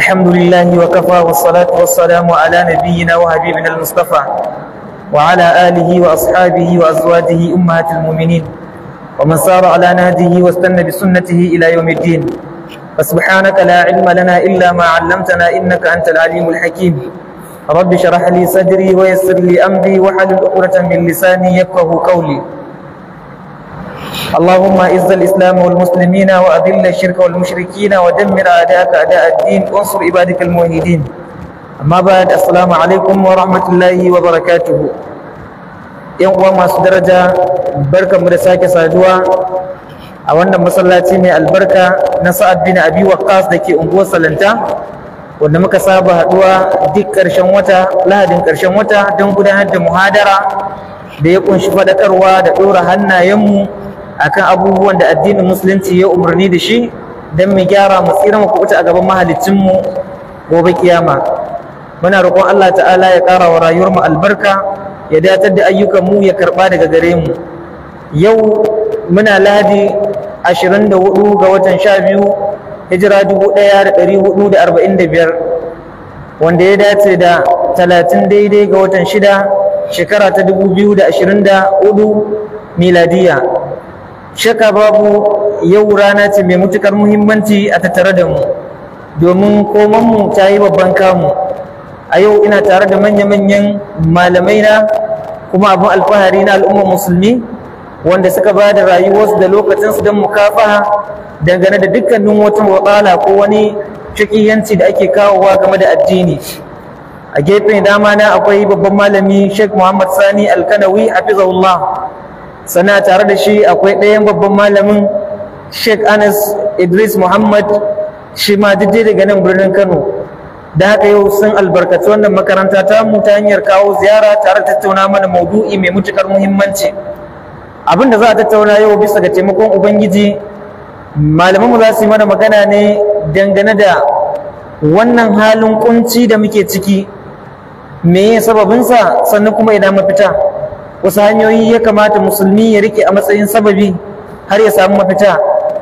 الحمد لله وكفى والصلاة والسلام على نبينا وحبيبنا المصطفى وعلى آله وأصحابه وأزواجه أمهات المؤمنين ومن سار على نهجه واستنى بسنته إلى يوم الدين فسبحانك لا علم لنا إلا ما علمتنا إنك أنت العليم الحكيم رب شرح لي صدري ويسر لي أمري وحل الأقرة من لساني يفقه قولي اللهم اعز الاسلام والمسلمين واذل الشرك والمشركين ودمر اعداءك اعداء الدين وانصر عبادك الموحدين amma da assalamu alaikum wa rahmatullahi wa barakatuhu yan uwa masu daraja mu da sake saduwa a wannan masallaci mai albarka na sa'ad bin abi waqqas dake unguwar salanta wanda muka saba haɗuwa duk ƙarshen wata lahadin karshen wata don gudanar da muhadara da ya ƙunshi fadakarwa da dora hannayenmu akan abubuwan da addinin musulunci ya umarni da shi don mu gyara mu tsira mu kuɓuta a gaban mahalicinmu gobe kiyama muna roƙon Allah ta'ala ya ƙara wa rayuwar mu albarka ya datar da ayyukan mu ya karɓa daga gare mu yau muna ladi 24 ga watan 12 hijira 1445 wanda ya dace da 30 daidai ga watan 6 shekara ta 2024 miladiya shaka babu yau rana ce mai mutukar muhimmanci a tattare da mu domin komanmu ta yi babban kamu a yau ina tare da manya-manyan malamai na kuma abin alfahari na al'ummar musulmi wanda suka ba da rayuwarsu da lokacinsu don mukafaha dangane da dukkanin wata watsala ko wani cikiyanci da ake kawowa game da addini a gefen dama na akwai babban malami sheikh muhammad sani alkanawi hafizahullah sannan tare da shi akwai ɗayan babban malamin sheikh anas idris muhammad shi ma daga nan birnin kano da haka yau sun albarkaci wannan makaranta ta mu ta hanyar kawo ziyara tare da tattauna mana maudu'i mai mutukar muhimmanci abin da za a tattauna yau bisa ga taimakon ubangiji malamanmu za su yi mana magana ne dangane da wannan halin kunci da muke ciki me sababinsa sannan kuma ina mafita wasu hanyoyi ya kamata musulmi ya rike a matsayin sababi har ya samu mafita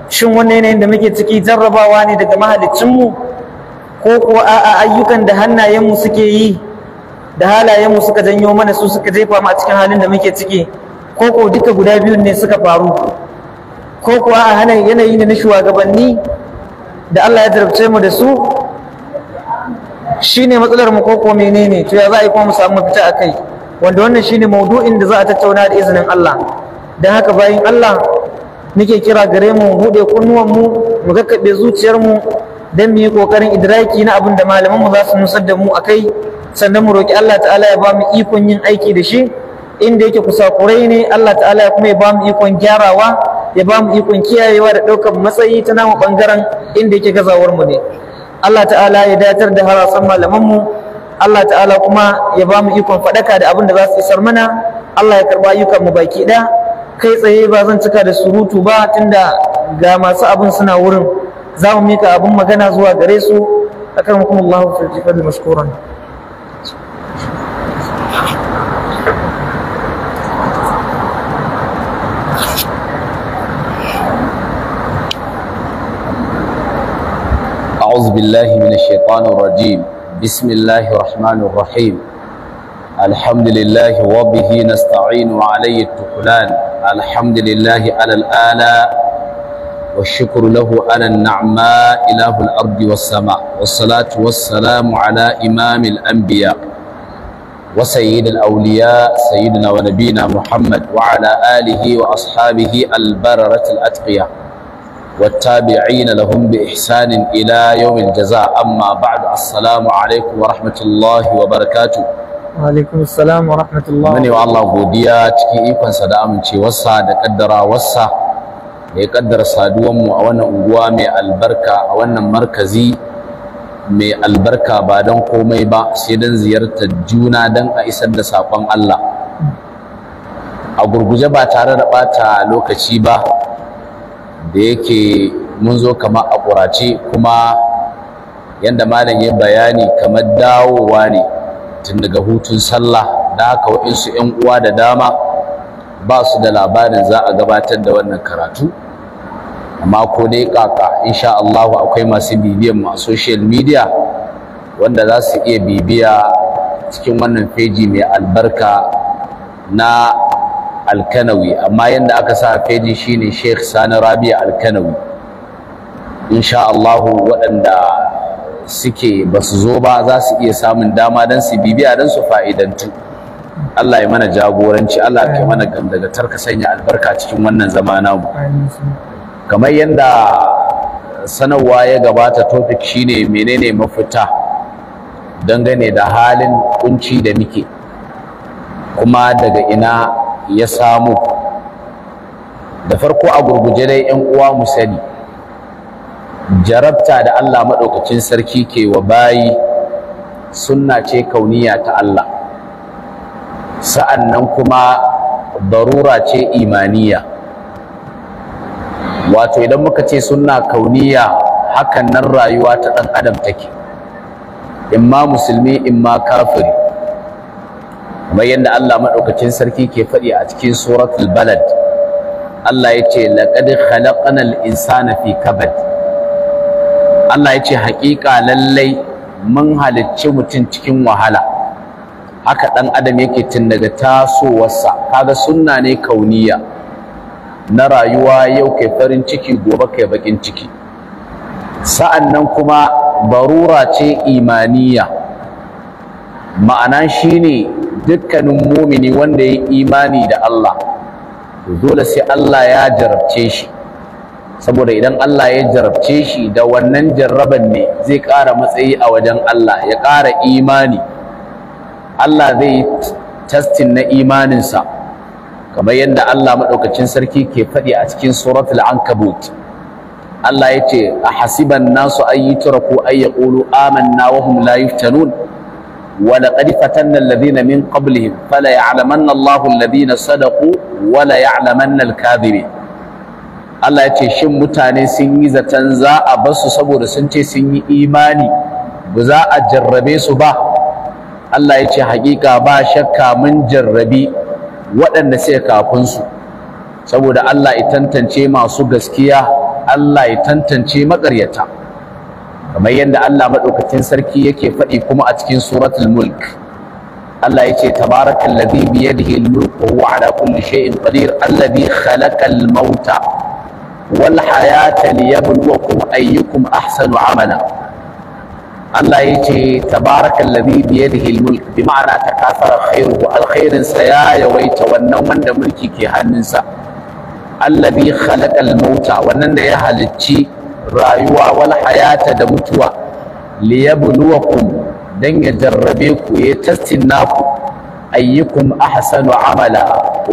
shin wannan yanayin da muke ciki jarrabawa ne daga mahaliccinmu ko kuwa a'a ayyukan da hannayenmu suke yi da halayenmu suka janyo mana su suka jefa mu a cikin halin da muke ciki ko ko duka guda biyun ne suka faru ko kuwa a hana yanayi ne na shugabanni da Allah ya jarabce mu da su shine matsalar mu ko ko menene to ya za a yi kuma mu samu mafita akai wanda wannan shine maudu'in da za a tattauna da izinin Allah dan haka bayan Allah nake kira gare mu bude kunnuwan mu mu kakkaɓe zuciyar mu dan mu yi kokarin idraki na abin da malaman mu za su nusar da mu akai sannan mu roki Allah ta'ala ya ba mu ikon yin aiki da shi inda yake kusakurai ne Allah ta'ala ya kuma ya ba mu ikon gyarawa ya ba mu ikon kiyayewa da ɗaukar matsayi ta namu ɓangaren inda yake gazawar mu ne Allah ta'ala ya datar da harasan malaman mu Allah ta'ala kuma ya ba mu ikon faɗaka da abin da za su isar mana Allah ya karɓa ayyukan mu baki ɗaya kai tsaye ba zan cika da surutu ba tunda ga masu abin suna wurin za mu mika abin magana zuwa gare su akarmakum Allah ji jifal mashkuran أعوذ بالله من الشيطان الرجيم بسم الله الرحمن الرحيم الحمد لله وبه نستعين وعليه التكلان الحمد لله على الآلاء والشكر له على النعماء إله الأرض والسماء والصلاة والسلام على إمام الأنبياء وسيد الأولياء سيدنا ونبينا محمد وعلى آله وأصحابه البررة الأتقياء والتابعين لهم بإحسان إلى يوم الجزاء أما بعد السلام عليكم ورحمة الله وبركاته وعليكم السلام ورحمة الله مني والله godiya cikin ikon sa da amincewarsa da kaddara wassa a ya kaddara saduwan mu a wannan unguwa mai albarka a wannan markazi mai albarka ba dan komai ba sai dan ziyartar juna dan a isar da sakon Allah a gurguje ba tare da bata lokaci ba da yake mun zo kamar a ƙurace kuma yadda malam ya bayani kamar dawowa ne tun daga hutun sallah da haka waɗansu 'yan uwa da dama ba su da labarin za a gabatar da wannan karatu amma ko dai kaka insha Allah akwai masu bibiyan mu a social media wanda za su iya bibiya cikin wannan feji mai albarka na alkanawi amma yadda aka sa feji shine sheikh sani rabia alkanawi insha Allah waɗanda suke ba su zo ba za su iya samun dama don su bibiya don su fa'idantu Allah ya mana jagoranci Allah ya mana gandagatar ka sanya albarka cikin wannan zama namu kamar yadda sanarwa ya gabata topic shine menene mafita dangane da halin kunci da muke kuma daga ina ya samu da farko a gurguje dai yan uwa mu sani jarabta da Allah madaukakin sarki ke wa bayi sunna ce kauniya ta Allah sa'annan kuma darura ce imaniya wato idan muka ce sunna kauniya hakan nan rayuwa ta dan adam take imma musulmi imma kafiri kamar yadda Allah madaukakin sarki ke faɗi a cikin suratul balad Allah ya ce laqad khalaqnal insana fi kabad Allah ya ce haƙiƙa lallai mun halicci mutum cikin wahala haka ɗan adam yake tun daga tasowarsa kaga sunna ne kauniya na rayuwa yau kai farin ciki gobe kai baƙin ciki sa'an nan kuma barura ce imaniya ma'ana shine dukkanin mumini wanda ya imani da Allah dole sai Allah ya jarabce shi saboda idan Allah ya jarabce shi da wannan jarraban ne zai ƙara matsayi a wajen Allah ya ƙara imani Allah zai yi tastin na imaninsa kamar yadda Allah maɗaukacin sarki ke faɗi a cikin suratul ankabut Allah ya ce a hasiban nasu an yi turaku ya amanna wahum hum la yuftanun ولقد فتنا الذين من قبلهم فلا يعلمن الله الذين صدقوا ولا يعلمن الكاذبين Allah yace shin mutane sun yi zaton za a basu saboda sun ce sun yi imani ba za a jarrabe su ba Allah yace haƙiƙa ba shakka mun jarrabi waɗanda sai kafin su saboda Allah ya tantance masu gaskiya Allah ya tantance maƙaryata kamar yadda Allah madaukakin sarki yake faɗi kuma a cikin suratul mulk Allah yace tabarakal ladhi bi yadihi al-mulku wa huwa ala kulli shay'in qadir alladhi khalaqal mauta wal hayata liyabluwakum ayyukum ahsanu amala Allah yace tabarakal ladhi bi yadihi al-mulk bi ma'ana takasara khairuhu al-khairin saya yawaita wannan wanda mulki ke hannunsa alladhi khalaqal mauta wannan da ya halicci rayuwa wal hayata da mutuwa liyabluwakum dan ya jarrabe ku ya tastin naku ayyukum ahsanu amala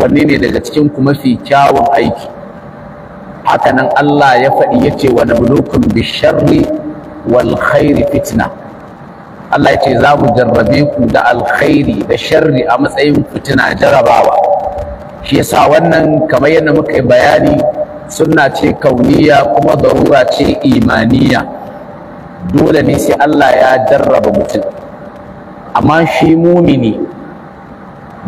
wanne ne daga cikin ku mafi kyawun aiki hakanan Allah ya faɗi yace Wani bulukun bisharri wal khairi fitna Allah ya ce za mu jarrabe ku da alkhairi da sharri a matsayin fitina jarabawa shi yasa wannan kamar yadda muka yi bayani sunna ce kauniya kuma zarura ce imaniya dole ne sai Allah ya jarraba mutum amma shi mumini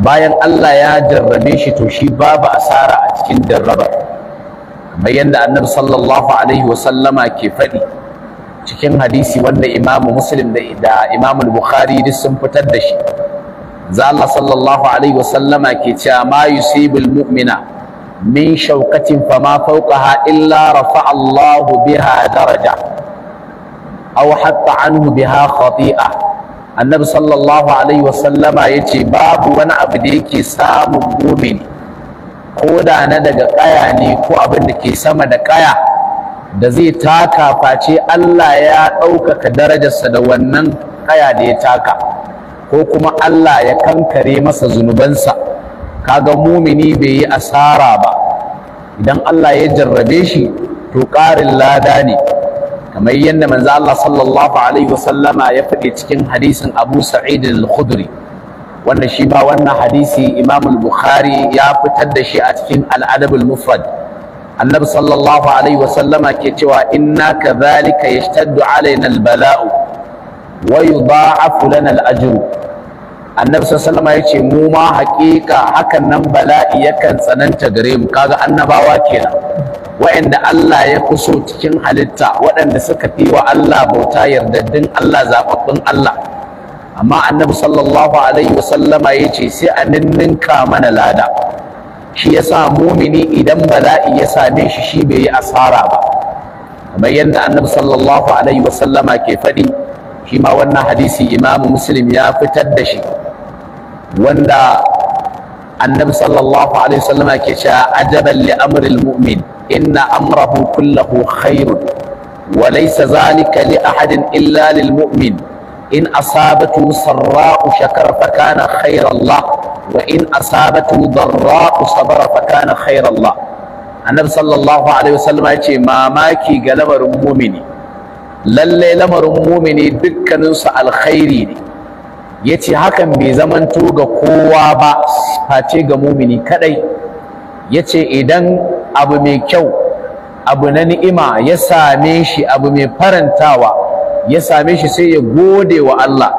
bayan Allah ya jarrabe shi to shi babu asara a cikin jarrabar kamar yadda annabi sallallahu alaihi wasallama ke faɗi cikin hadisi wanda imamu muslim da imamu bukhari duk sun fitar da shi za Allah sallallahu alaihi wasallama ke cewa ma yusibul mu'mina min shaukatin fama fauqaha illa rafa Allahu biha daraja aw hatta anhu biha khati'a annabi sallallahu alaihi wasallama yace babu wani abu da yake samun mu'min ko da na daga kaya ne ko abin da ke sama da kaya da zai taka face Allah ya ɗaukaka darajarsa da wannan kaya da ya taka ko kuma Allah ya kankare masa zunubansa kaga mumini bai yi asara ba idan Allah ya jarrabe shi to ƙarin lada ne kamar yadda manzo Allah sallallahu alaihi wasallama ya faɗi cikin hadisin Abu Sa'id al-Khudri wannan shi ba wannan hadisi Imam al-Bukhari ya fitar da shi a cikin al-Adab al-Mufrad Annabi sallallahu alaihi wasallama ke cewa inna kadhalika yashtaddu alaina al-bala'u wa yudha'afu lana al-ajru annabi sallallahu alaihi wasallam mu ma haƙiƙa hakan nan bala'i yakan tsananta gare mu kaga annabawa kenan waɗanda Allah ya kuso cikin halitta waɗanda suka fi wa Allah bauta yardaddin Allah zaɓaɓɓun Allah amma annabi sallallahu alaihi wasallama ya ce sai a ninninka mana lada shi yasa mumini idan bala'i ya same shi shi bai yi asara ba kamar yadda annabi sallallahu alaihi wasallama ke faɗi shi ma wannan hadisi imamu muslim ya fitar da shi وندا النبي صلى الله عليه وسلم كشا عجبا لامر المؤمن ان امره كله خير وليس ذلك لاحد الا للمؤمن ان اصابته سراء شكر فكان خير الله وان اصابته ضراء صبر فكان خير الله النبي صلى الله عليه وسلم يجي ما ماكي قلمر مؤمني للي لمر مؤمني دكا ننسى الخيرين ya ce hakan bai zamanto ga kowa ba face ga mumini kadai ya ce idan abu mai kyau abu na ni'ima ya same shi abu mai farantawa ya same shi sai ya gode wa Allah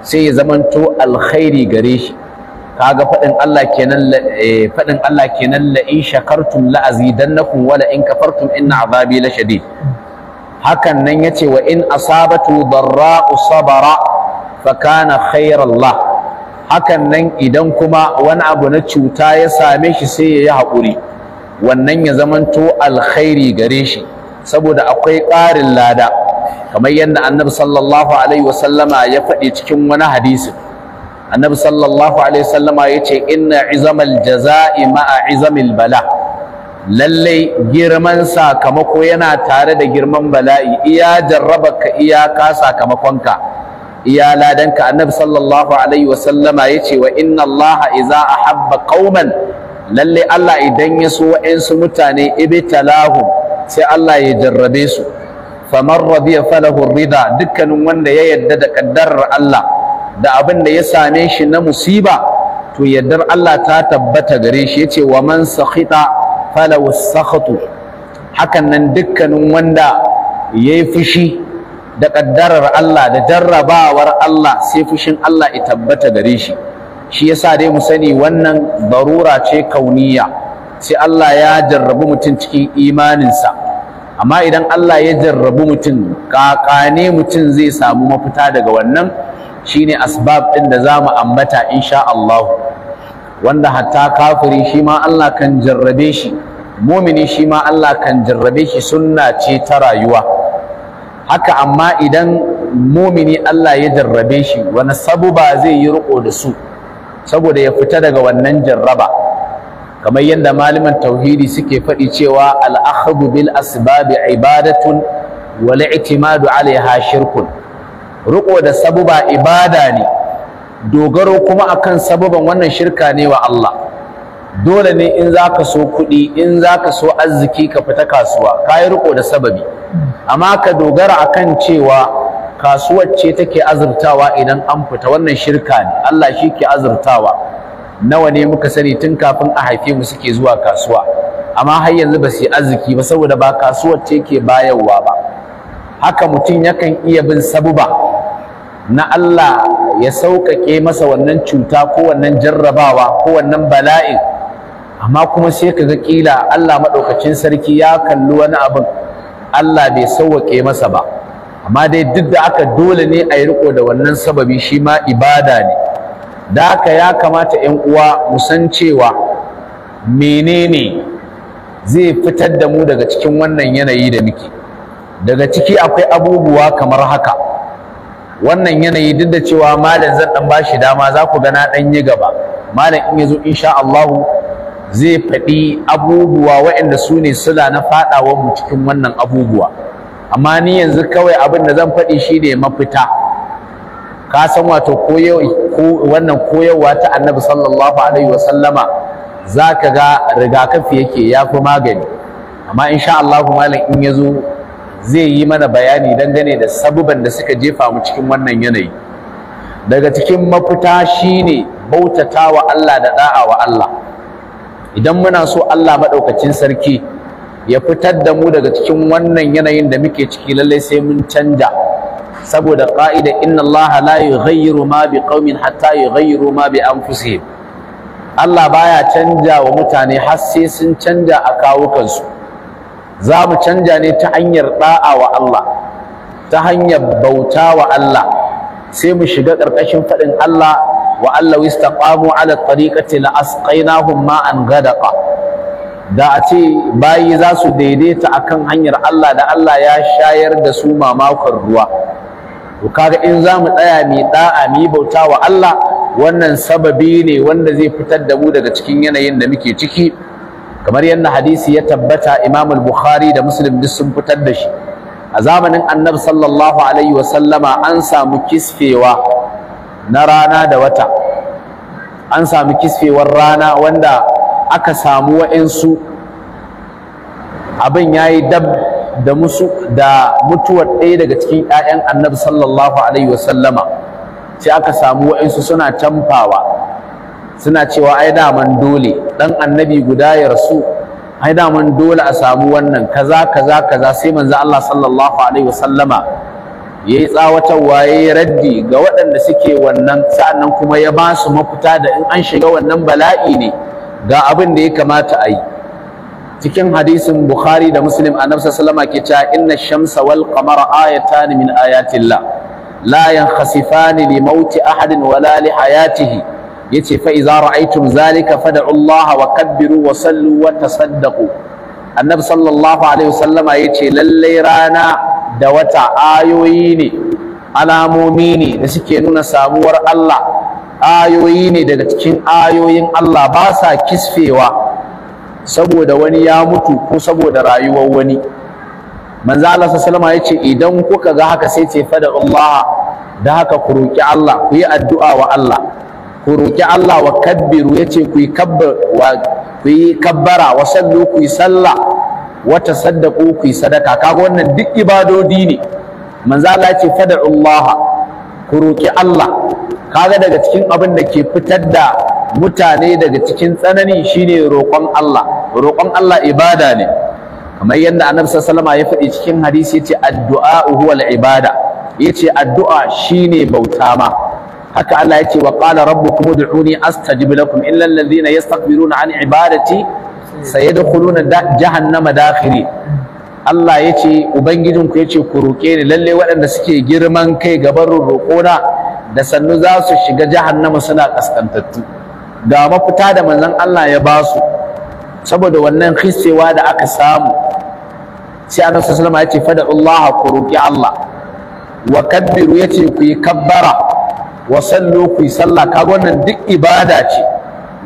sai ya zamanto alkhairi gare shi kaga faɗin Allah kenan eh, faɗin Allah kenan la in shakartum la azidannakum wala in kafartum inna azabi la shadid hakan nan yace wa in asabatu darra sabara fakana khairallah hakan nan idan kuma wani abu na cuta ya same shi sai ya yi haƙuri wannan ya zamanto alkhairi gare shi saboda akwai ƙarin lada kamar yadda annabi sallallahu alaihi wasallama ya faɗi cikin wani hadisi annabi sallallahu alaihi wasallama ya ce inna izamal jaza'i ma'a izamil bala lallai girman sakamako yana tare da girman bala'i iya jarrabaka iya ka sakamakonka iya ladanka annabi sallallahu alaihi wasallama ya ce wa inna allaha iza ahabba qauman lalle Allah idan ya so wa'ansu mutane ibtalahu sai Allah ya jarrabe su faman radiya falahu rida dukkanin wanda ya yadda da kaddarar Allah da abin da ya same shi na musiba to yaddar Allah ta tabbata gare shi ce wa man sakhita falahu sakhatu hakan nan dukkanin wanda yayi fushi da ƙaddarar Allah da jarrabawar Allah sai fushin Allah ya tabbata gare shi shi yasa dai mu sani wannan barura ce kauniya sai Allah ya jarrabu mutum cikin imaninsa amma idan Allah ya jarrabu mutum kakane mutum zai samu mafita daga wannan shine asbab ɗin da zamu mu ambata insha Allah wanda hatta kafiri shi ma Allah kan jarrabe shi mumini shi ma Allah kan jarrabe shi sunna ce ta rayuwa haka amma idan mumini Allah ya jarrabe shi wani sabu ba zai yi riko da su saboda ya fita daga wannan jarraba kamar yadda malaman tauhidi suke faɗi cewa al'akhdu bil asbabi ibadatun wal i'timadu alaiha shirkun riko da sabuba ibada ne dogaro kuma akan sabuban wannan shirka ne wa Allah dole ne in za ka so kuɗi in za ka so arziki ka fita kasuwa ka yi riko da sababi amma ka dogara a kan cewa kasuwar ce take azurtawa idan an fita wannan shirka ne Allah shi ke azurtawa nawa ne muka sani tun kafin a haife mu suke zuwa kasuwa amma har yanzu ba su yi arziki ba saboda ba kasuwar ce ke bayarwa ba haka mutum yakan iya bin sabuba na Allah ya sauƙaƙe masa wannan cuta ko wannan jarrabawa ko wannan bala'in amma kuma sai ka ga kila Allah maɗaukacin sarki ya kalli wani abin Allah bai sauwaƙe masa ba amma dai duk da aka dole ne a yi riko da wannan sababi shi ma ibada ne da haka ya kamata 'yan uwa mu san cewa menene zai fitar da mu daga cikin wannan yanayi da muke daga ciki akwai abubuwa kamar haka wannan yanayi duk da cewa malam zan dan bashi dama za ku ga na dan yi gaba malam in yazo insha Allah zai faɗi abubuwa waɗanda su ne sula na faɗawa mu cikin wannan abubuwa amma ni yanzu kawai abin da zan faɗi shi ne mafita ka san wato wannan koyarwa ta annabi sallallahu alaihi wa sallama za ka ga rigakafi yake ya fi magani amma insha Allah malam in ya zo zai yi mana bayani dangane da sabuban da suka jefa mu cikin wannan yanayi daga cikin mafita shine bautatawa Allah da da'awa Allah idan muna so Allah maɗaukacin sarki ya fitar da mu daga cikin wannan yanayin da muke ciki lallai sai mun canja saboda ƙa'ida inna Allah la yughayyiru ma bi qaumin hatta yughayyiru ma bi anfusihim Allah baya canja wa mutane har sai sun canja a kawukansu za mu canja ne ta hanyar da'a wa Allah ta hanyar bauta wa Allah sai mu shiga ƙarƙashin faɗin Allah wa allahu istaqamu ala tariqati la asqainahum ma'an gadaqa da a ce bayi za su daidaita akan hanyar Allah da Allah ya shayar da su mamakon ruwa to kaga in za mu tsaya mi da'a mi bauta wa Allah wannan sababi ne wanda zai fitar da mu daga cikin yanayin da muke ciki kamar yadda hadisi ya tabbata Imam al-Bukhari da Muslim duk sun fitar da shi a zamanin annabi sallallahu alaihi sallama an samu kisfewa na rana da wata an samu kisfewar rana wanda aka samu wa'insu abin ya yi dab da musu da mutuwar ɗaya daga cikin 'ya'yan annabi sallallahu alaihi wasallama sai aka samu wa'insu suna canfawa, suna cewa ai daman dole ɗan annabi guda ya rasu ai daman dole a samu wannan kaza kaza kaza sai manzo Allah sallallahu alaihi wasallama ya yi tsawatarwa ya yi raddi ga waɗanda suke wannan sa'annan kuma ya ba su mafita da in an shiga wannan bala'i ne ga abin da ya kamata a yi cikin hadisin bukhari da muslim a nafsa salama ke inna shamsa wal qamara ayatan min ayatillah la yankhasifani li mauti ahadin wala li hayatihi yace fa idza ra'aytum zalika fad'u Allah wa kabbiru wa sallu wa tasaddaqu annabi sallallahu alaihi wasallama yace lalle rana da wata ayoyi ne alamomi ne da suke nuna samuwar Allah ayoyi ne daga cikin ayoyin Allah ba sa kisfewa saboda wani ya mutu ko saboda rayuwar wani manzo Allah sallallahu alaihi ya ce idan kuka ga haka sai ce fada Allah da haka ku roki Allah ku yi addu'a wa Allah ku roki Allah wa kabbiru yace ku yi kabbara wa sallu ku yi sallah wata saddaku ku sadaka kaga wannan duk ibadodi ne manzo Allah ce Allah ku roki Allah kaga daga cikin abin da ke fitar da mutane daga cikin tsanani shine roƙon Allah roƙon Allah ibada ne kamar yadda Annabi sallallahu alaihi ya faɗi cikin hadisi yace addu'a al ibada yace addu'a shine bauta ma haka Allah yace wa qala rabbukum ud'uni astajib lakum illa alladhina yastakbiruna an ibadati sayadkhuluna jahannama dakhiri Allah ya ce ubangijinku ya ce ku ruƙe ni lalle waɗanda suke girman kai gaban na, da sannu za su shiga jahannama suna kaskantattu ga mafita da manzon Allah ya ba su saboda wannan hissewa da aka samu sai annabi sallallahu alaihi wasallam ya ce fada'ullaha ku roƙi Allah wa kabbiru ya ce ku yi kabbara wa sallu ku yi sallah kaga wannan duk ibada ce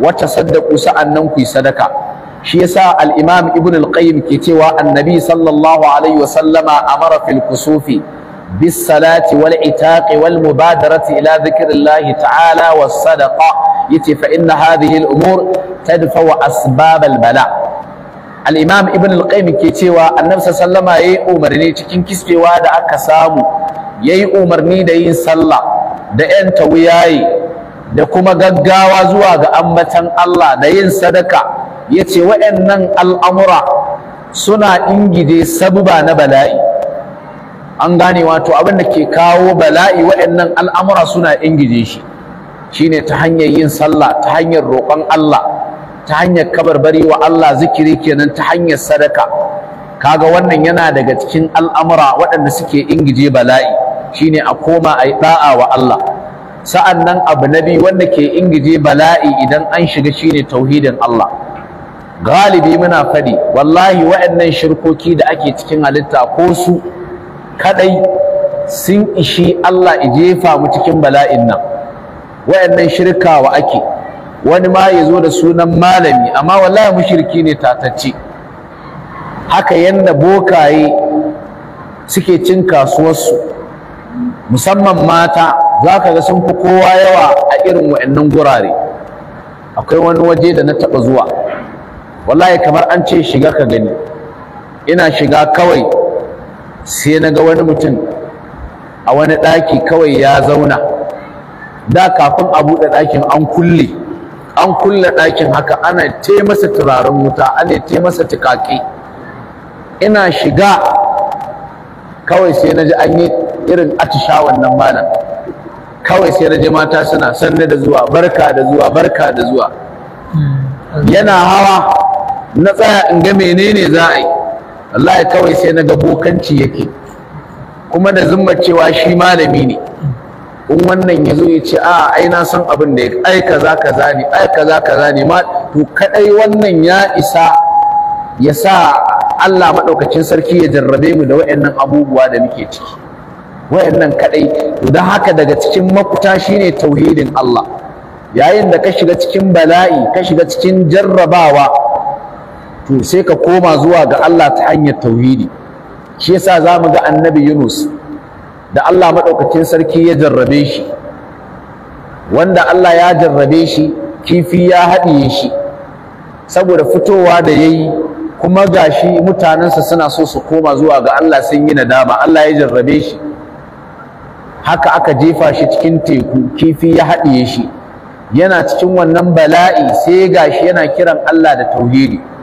wacce saddaku sa'annan ku yi sadaka shi yasa al-imam ibn al-qayyim ke cewa annabi sallallahu alaihi wa sallama amara fil kusufi bis salati wal itaqi wal mubadarati ila dhikrillahi ta'ala was sadaqa yace fa inna hadhihi al-umur tadfa'u asbab al-bala' al'imam ibn al ke cewa annabsa sallama ya yi umarni cikin kiskewa da aka samu ya yi umarni da yin sallah da ‘yan tawiyayi da kuma gaggawa zuwa ga ambatan Allah da yin sadaka ya ce waɗannan al'amura suna ingide sabuba na bala'i an gane wato abin da ke kawo bala'i waɗannan al'amura suna ingide shi ne ta hanyar yin sallah ta hanyar roƙon Allah ta hanyar kabarbari wa Allah zikiri kenan ta hanyar sadaka kaga wannan yana daga cikin al'amura waɗanda suke ingije bala'i shine a koma a yi ɗa'a wa Allah sa'an nan abu na biyu wanda ke ingije bala'i idan an shiga shine tauhidin Allah galibi muna faɗi, wallahi waɗannan shirkoki da ake cikin halitta ko su kadai sun ishi Allah i jefa mu cikin bala'in nan waɗannan shirkawa ake wani ma ya zo da sunan malami amma wallahi mushriki ne tatacce haka yanda bokaye suke cin kasuwarsu musamman mata za ka ga sun fi kowa yawa a irin wa'annan gurare akwai wani waje da na taɓa zuwa wallahi kamar an ce shiga ka gani ina shiga kawai sai na ga wani mutum a wani ɗaki kawai ya zauna da kafin a buɗe ɗakin an kulle an kulle ɗakin haka ana te masa turaren wuta ana te masa tukaki ina shiga kawai sai na ji an yi irin atishawan nan malam kawai sai na ji mata suna sanne da zuwa barka da zuwa barka da zuwa hmm. yana hawa na tsaya in ga menene za a yi wallahi kawai sai na ga bokanci yake kuma da zumar cewa shi malami ne in wannan ya zo ya ce a ai na san abin da ya ai kaza kaza ne ai kaza kaza ne ma to kadai wannan ya isa ya sa Allah maɗaukacin sarki ya jarrabe mu da wayannan abubuwa da muke ciki wayannan kadai to dan haka daga cikin makuta shine tauhidin Allah yayin da ka shiga cikin bala'i ka shiga cikin jarrabawa to sai ka koma zuwa ga Allah ta hanyar tauhidi shi yasa zamu ga annabi Yunus da Allah madaukakin sarki ya jarrabe shi wanda Allah ya jarrabe shi kifi ya haɗiye shi saboda fitowa da yayi kuma gashi mutanensa suna so su koma zuwa ga Allah sun yi nadama Allah ya jarrabe shi haka aka jefa shi cikin teku kifi ya haɗiye shi yana cikin wannan bala'i sai gashi yana kiran Allah da tauhidi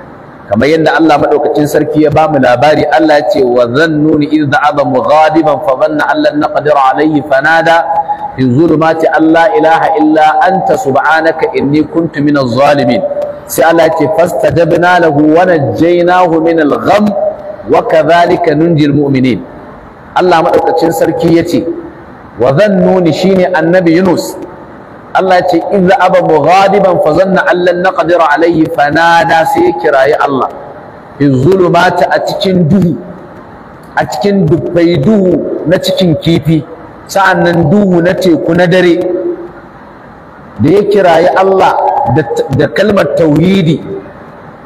kamar yadda Allah madaukakin sarki ya bamu labari Allah ya ce wa zannuni idh da'aba mughadiban fa Allah an lan naqdir alayhi fanada fi zulumati Allah ilaha illa anta subhanaka inni kuntu minaz zalimin sai Allah ya ce fastajabna lahu wa najjaynahu minal gham wa kadhalika nunjil mu'minin Allah madaukakin sarki ya ce wa zannuni shine annabi Yunus Allah ya ce idza aba mughadiban fa zanna allan naqdiru alayhi fanada sai kirayi Allah fi zulumati a cikin duhu a cikin dubbai duhu na cikin kifi sa'annan duhu na teku na dare da ya kirayi Allah da kalmar tauhidi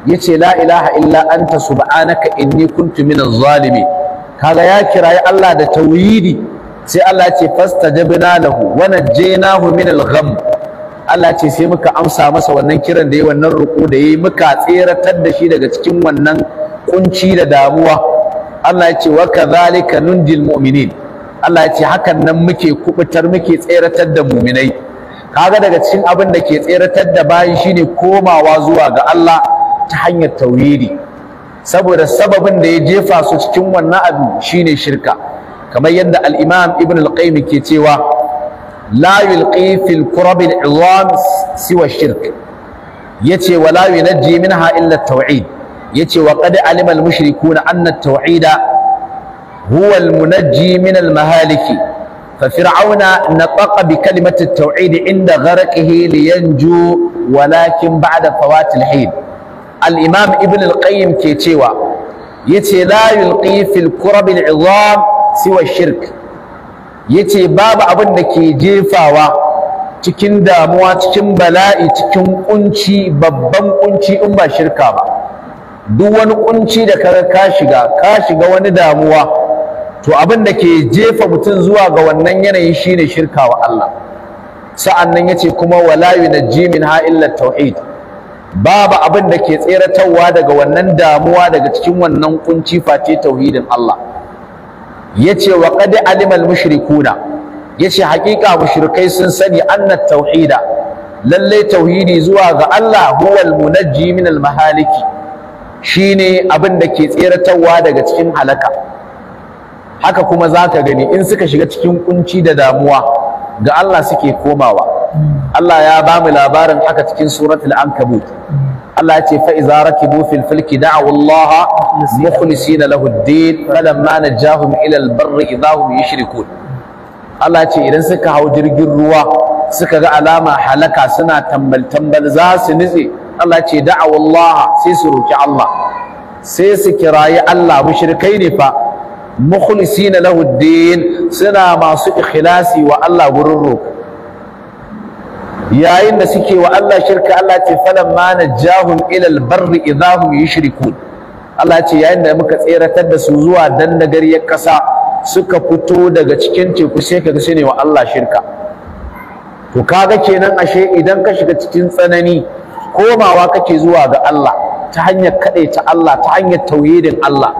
yace la ilaha illa anta subhanaka inni kuntu minaz zalimin kaga ya kirayi Allah da tauhidi sai Allah ce fastajabna lahu wa najjaynahu min al-gham Allah ce sai muka amsa masa wannan kiran da yayi wannan ruku da yayi muka tseratar da shi daga cikin wannan kunci da damuwa Allah ya ce wa kadhalika nunjil mu'minin Allah ya ce hakan nan muke kubutar muke tseratar da mu'minai kaga daga cikin abin da ke tseratar da bayin shine komawa zuwa ga Allah ta hanyar tauhidi saboda sababin da ya jefa su cikin wannan abu shine shirka kamar yadda al’imam ibn al-qaim ke cewa layil ƙifil ƙurabin ilan siwa shirk ya ce wa layi na jimin ha’illar tawa’id ya ce wa ƙadi alimal mushriku na annar tawa’ida huwal munajji min al mahaliki fa fir'auna na ƙaƙa bi kalimatar tawa’id inda gharaƙihi li yanju walakin ba'da fawatil hayd al-imam ibn al-qayyim ke cewa ya ce layil ƙifil ƙurabin ilan siwa shirk yace babu abin da ke jefawa cikin damuwa cikin bala'i cikin kunci babban kunci in ba shirka ba duk wani kunci da kaga ka shiga ka shiga wani damuwa to abin da ke jefa mutum zuwa ga wannan yanayi shine shirka wa Allah sa'annan yace kuma wala min ha illa tauhid babu abin da ke tseratarwa daga wannan damuwa daga cikin wannan kunci face tauhidin Allah yace wa qad alimal mushrikuna yace haƙiƙa mushrikai sun sani anna tauhida lallai tauhidi zuwa ga Allah huwal munajji min al mahaliki shine abin da ke tseratarwa daga cikin halaka haka kuma zaka gani in suka shiga cikin kunci da damuwa ga Allah suke komawa Allah ya ba labarin haka cikin suratul ankabut Allah ce fa idza rakibu fil fulki da'u Allah mukhlisina lahu ad-din falamma najahum ila al-barri idahum yushrikun Allah ce idan suka hau jirgin ruwa suka ga alama halaka suna tambal tambal za su nitse Allah ce da'u Allah sai su roki Allah sai su kirayi Allah mushrikai ne fa mukhlisina na ad suna masu ikhlasi wa Allah gurin roƙo yayin da suke wa Allah shirka Allah ce falan ma najahum ila albarri idahum yushrikun Allah ce yayin da muka tseratar da su zuwa dandagariyar ƙasa suka fito daga cikin teku sai kaga sai ne wa Allah shirka to kaga kenan ashe idan ka shiga cikin tsanani komawa kake zuwa ga Allah ta hanyar ta Allah ta hanyar tauhidin Allah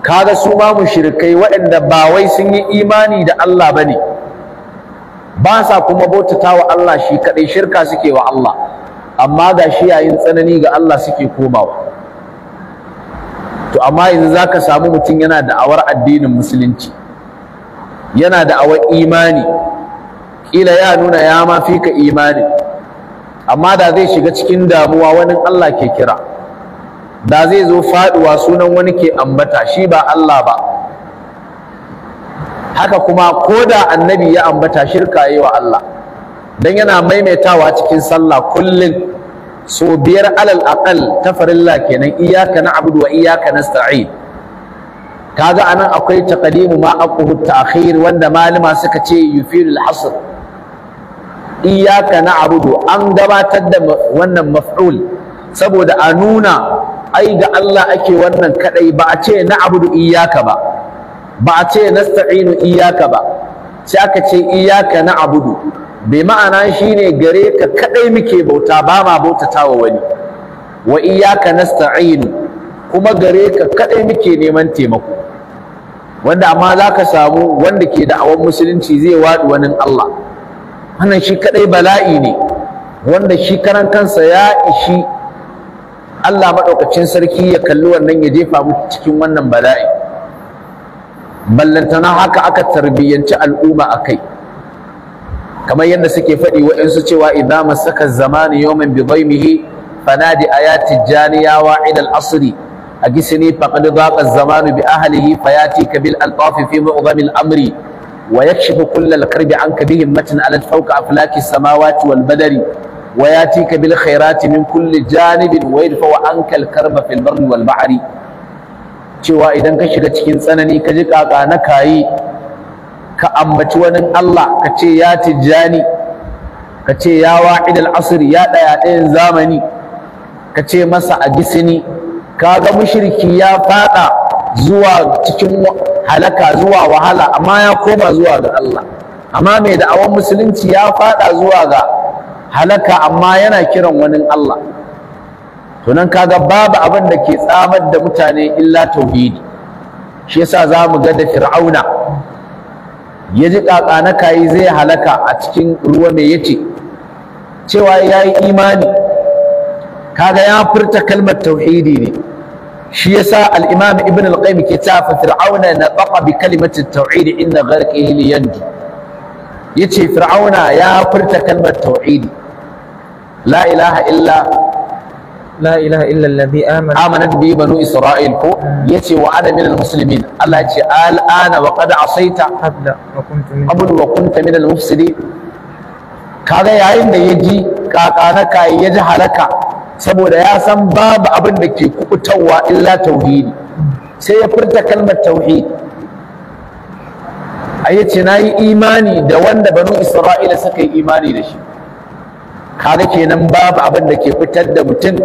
kaga su ma mushrikai waɗanda ba wai sun yi imani da Allah bane ba sa kuma bautata wa Allah shi kaɗai shirka suke wa Allah amma ga shi yayin tsanani ga Allah suke komawa to amma yanzu ka samu mutum yana da awar addinin musulunci yana da awar imani kila ya nuna ya ma fika imani amma da zai shiga cikin damuwa wani Allah ke kira da zai zo faɗuwa sunan wani ke ambata shi ba Allah ba haka kuma ko da annabi ya ambata shirka yi wa Allah dan yana maimaitawa cikin sallah kullum so biyar alal aqal ta kenan iyyaka na'budu wa iyyaka nasta'in kaga anan akwai taqdimu ma aquhu ta'khir wanda malama suka ce yufilul hasr iyyaka na'budu an gabatar da wannan maf'ul saboda a nuna ai ga Allah ake wannan kadai ba a ce na'budu iyyaka ba ba a ce nasta'inu iyaka ba sai aka ce iyaka na abudu bai ma'ana shine gare ka kadai muke bauta ba ma wa wani wa iyaka nasta'inu kuma gare ka kadai muke neman taimako wanda amma za ka samu wanda ke da da'awar musulunci zai waɗi wani Allah wannan shi kadai bala'i ne wanda shi karan kansa ya ishi Allah maɗaukacin sarki ya kalli wannan ya jefa mu cikin wannan bala'i ballantana haka aka tarbiyyanci al'umma a kai kamar yadda suke faɗi wa'insu cewa idza masaka zamani yawman bi dhaymihi fanadi ayati janiya wa idal asri agisni faqad dhaqa zamanu bi ahlihi fayati kabil altaf fi mu'dham amri wa yakshifu kull al-karbi anka bi himmatin ala fawqa aflaki samawati wal badari وياتيك بالخيرات من كل جانب ويدفع عنك الكرب في البر والبحر cewa idan ka shiga cikin tsanani ka ji kaka na kayi ka ambaci wani Allah ka ce ya tijjani ka ce ya wa'id al-asr ya ɗaya ɗayan zamani ka ce masa a gisini ka ga mushriki ya faɗa zuwa cikin halaka zuwa wahala amma ya koma zuwa ga Allah amma mai da'awan musulunci ya faɗa zuwa ga halaka amma yana kiran wani Allah to nan kaga babu abin da ke tsamar da mutane illa tauhidi shi yasa za mu ga da fir'auna ya ji ƙaƙa kayi zai halaka a cikin ruwa mai yace cewa ya yi imani kaga ya furta kalmar tauhidi ne shi yasa al-imam ibn al-qayyim ke ta fir'auna na taqa bi kalimati tauhidi inna gharqihi li yace fir'auna ya furta kalmar tauhidi la ilaha illa la ilaha illa allazi amana amanat bi banu isra'il ko yace wa ana minal muslimin Allah yace al'ana wa qad asaita qabla wa kunta min qabla wa kunta yayin da ya ji kakanaka ya ji halaka saboda ya san babu abin da ke kubutarwa illa tauhidi sai ya furta kalmar tauhid a yace na yi imani da wanda banu isra'ila suka yi imani da shi kaga kenan babu abin da ke fitar da mutum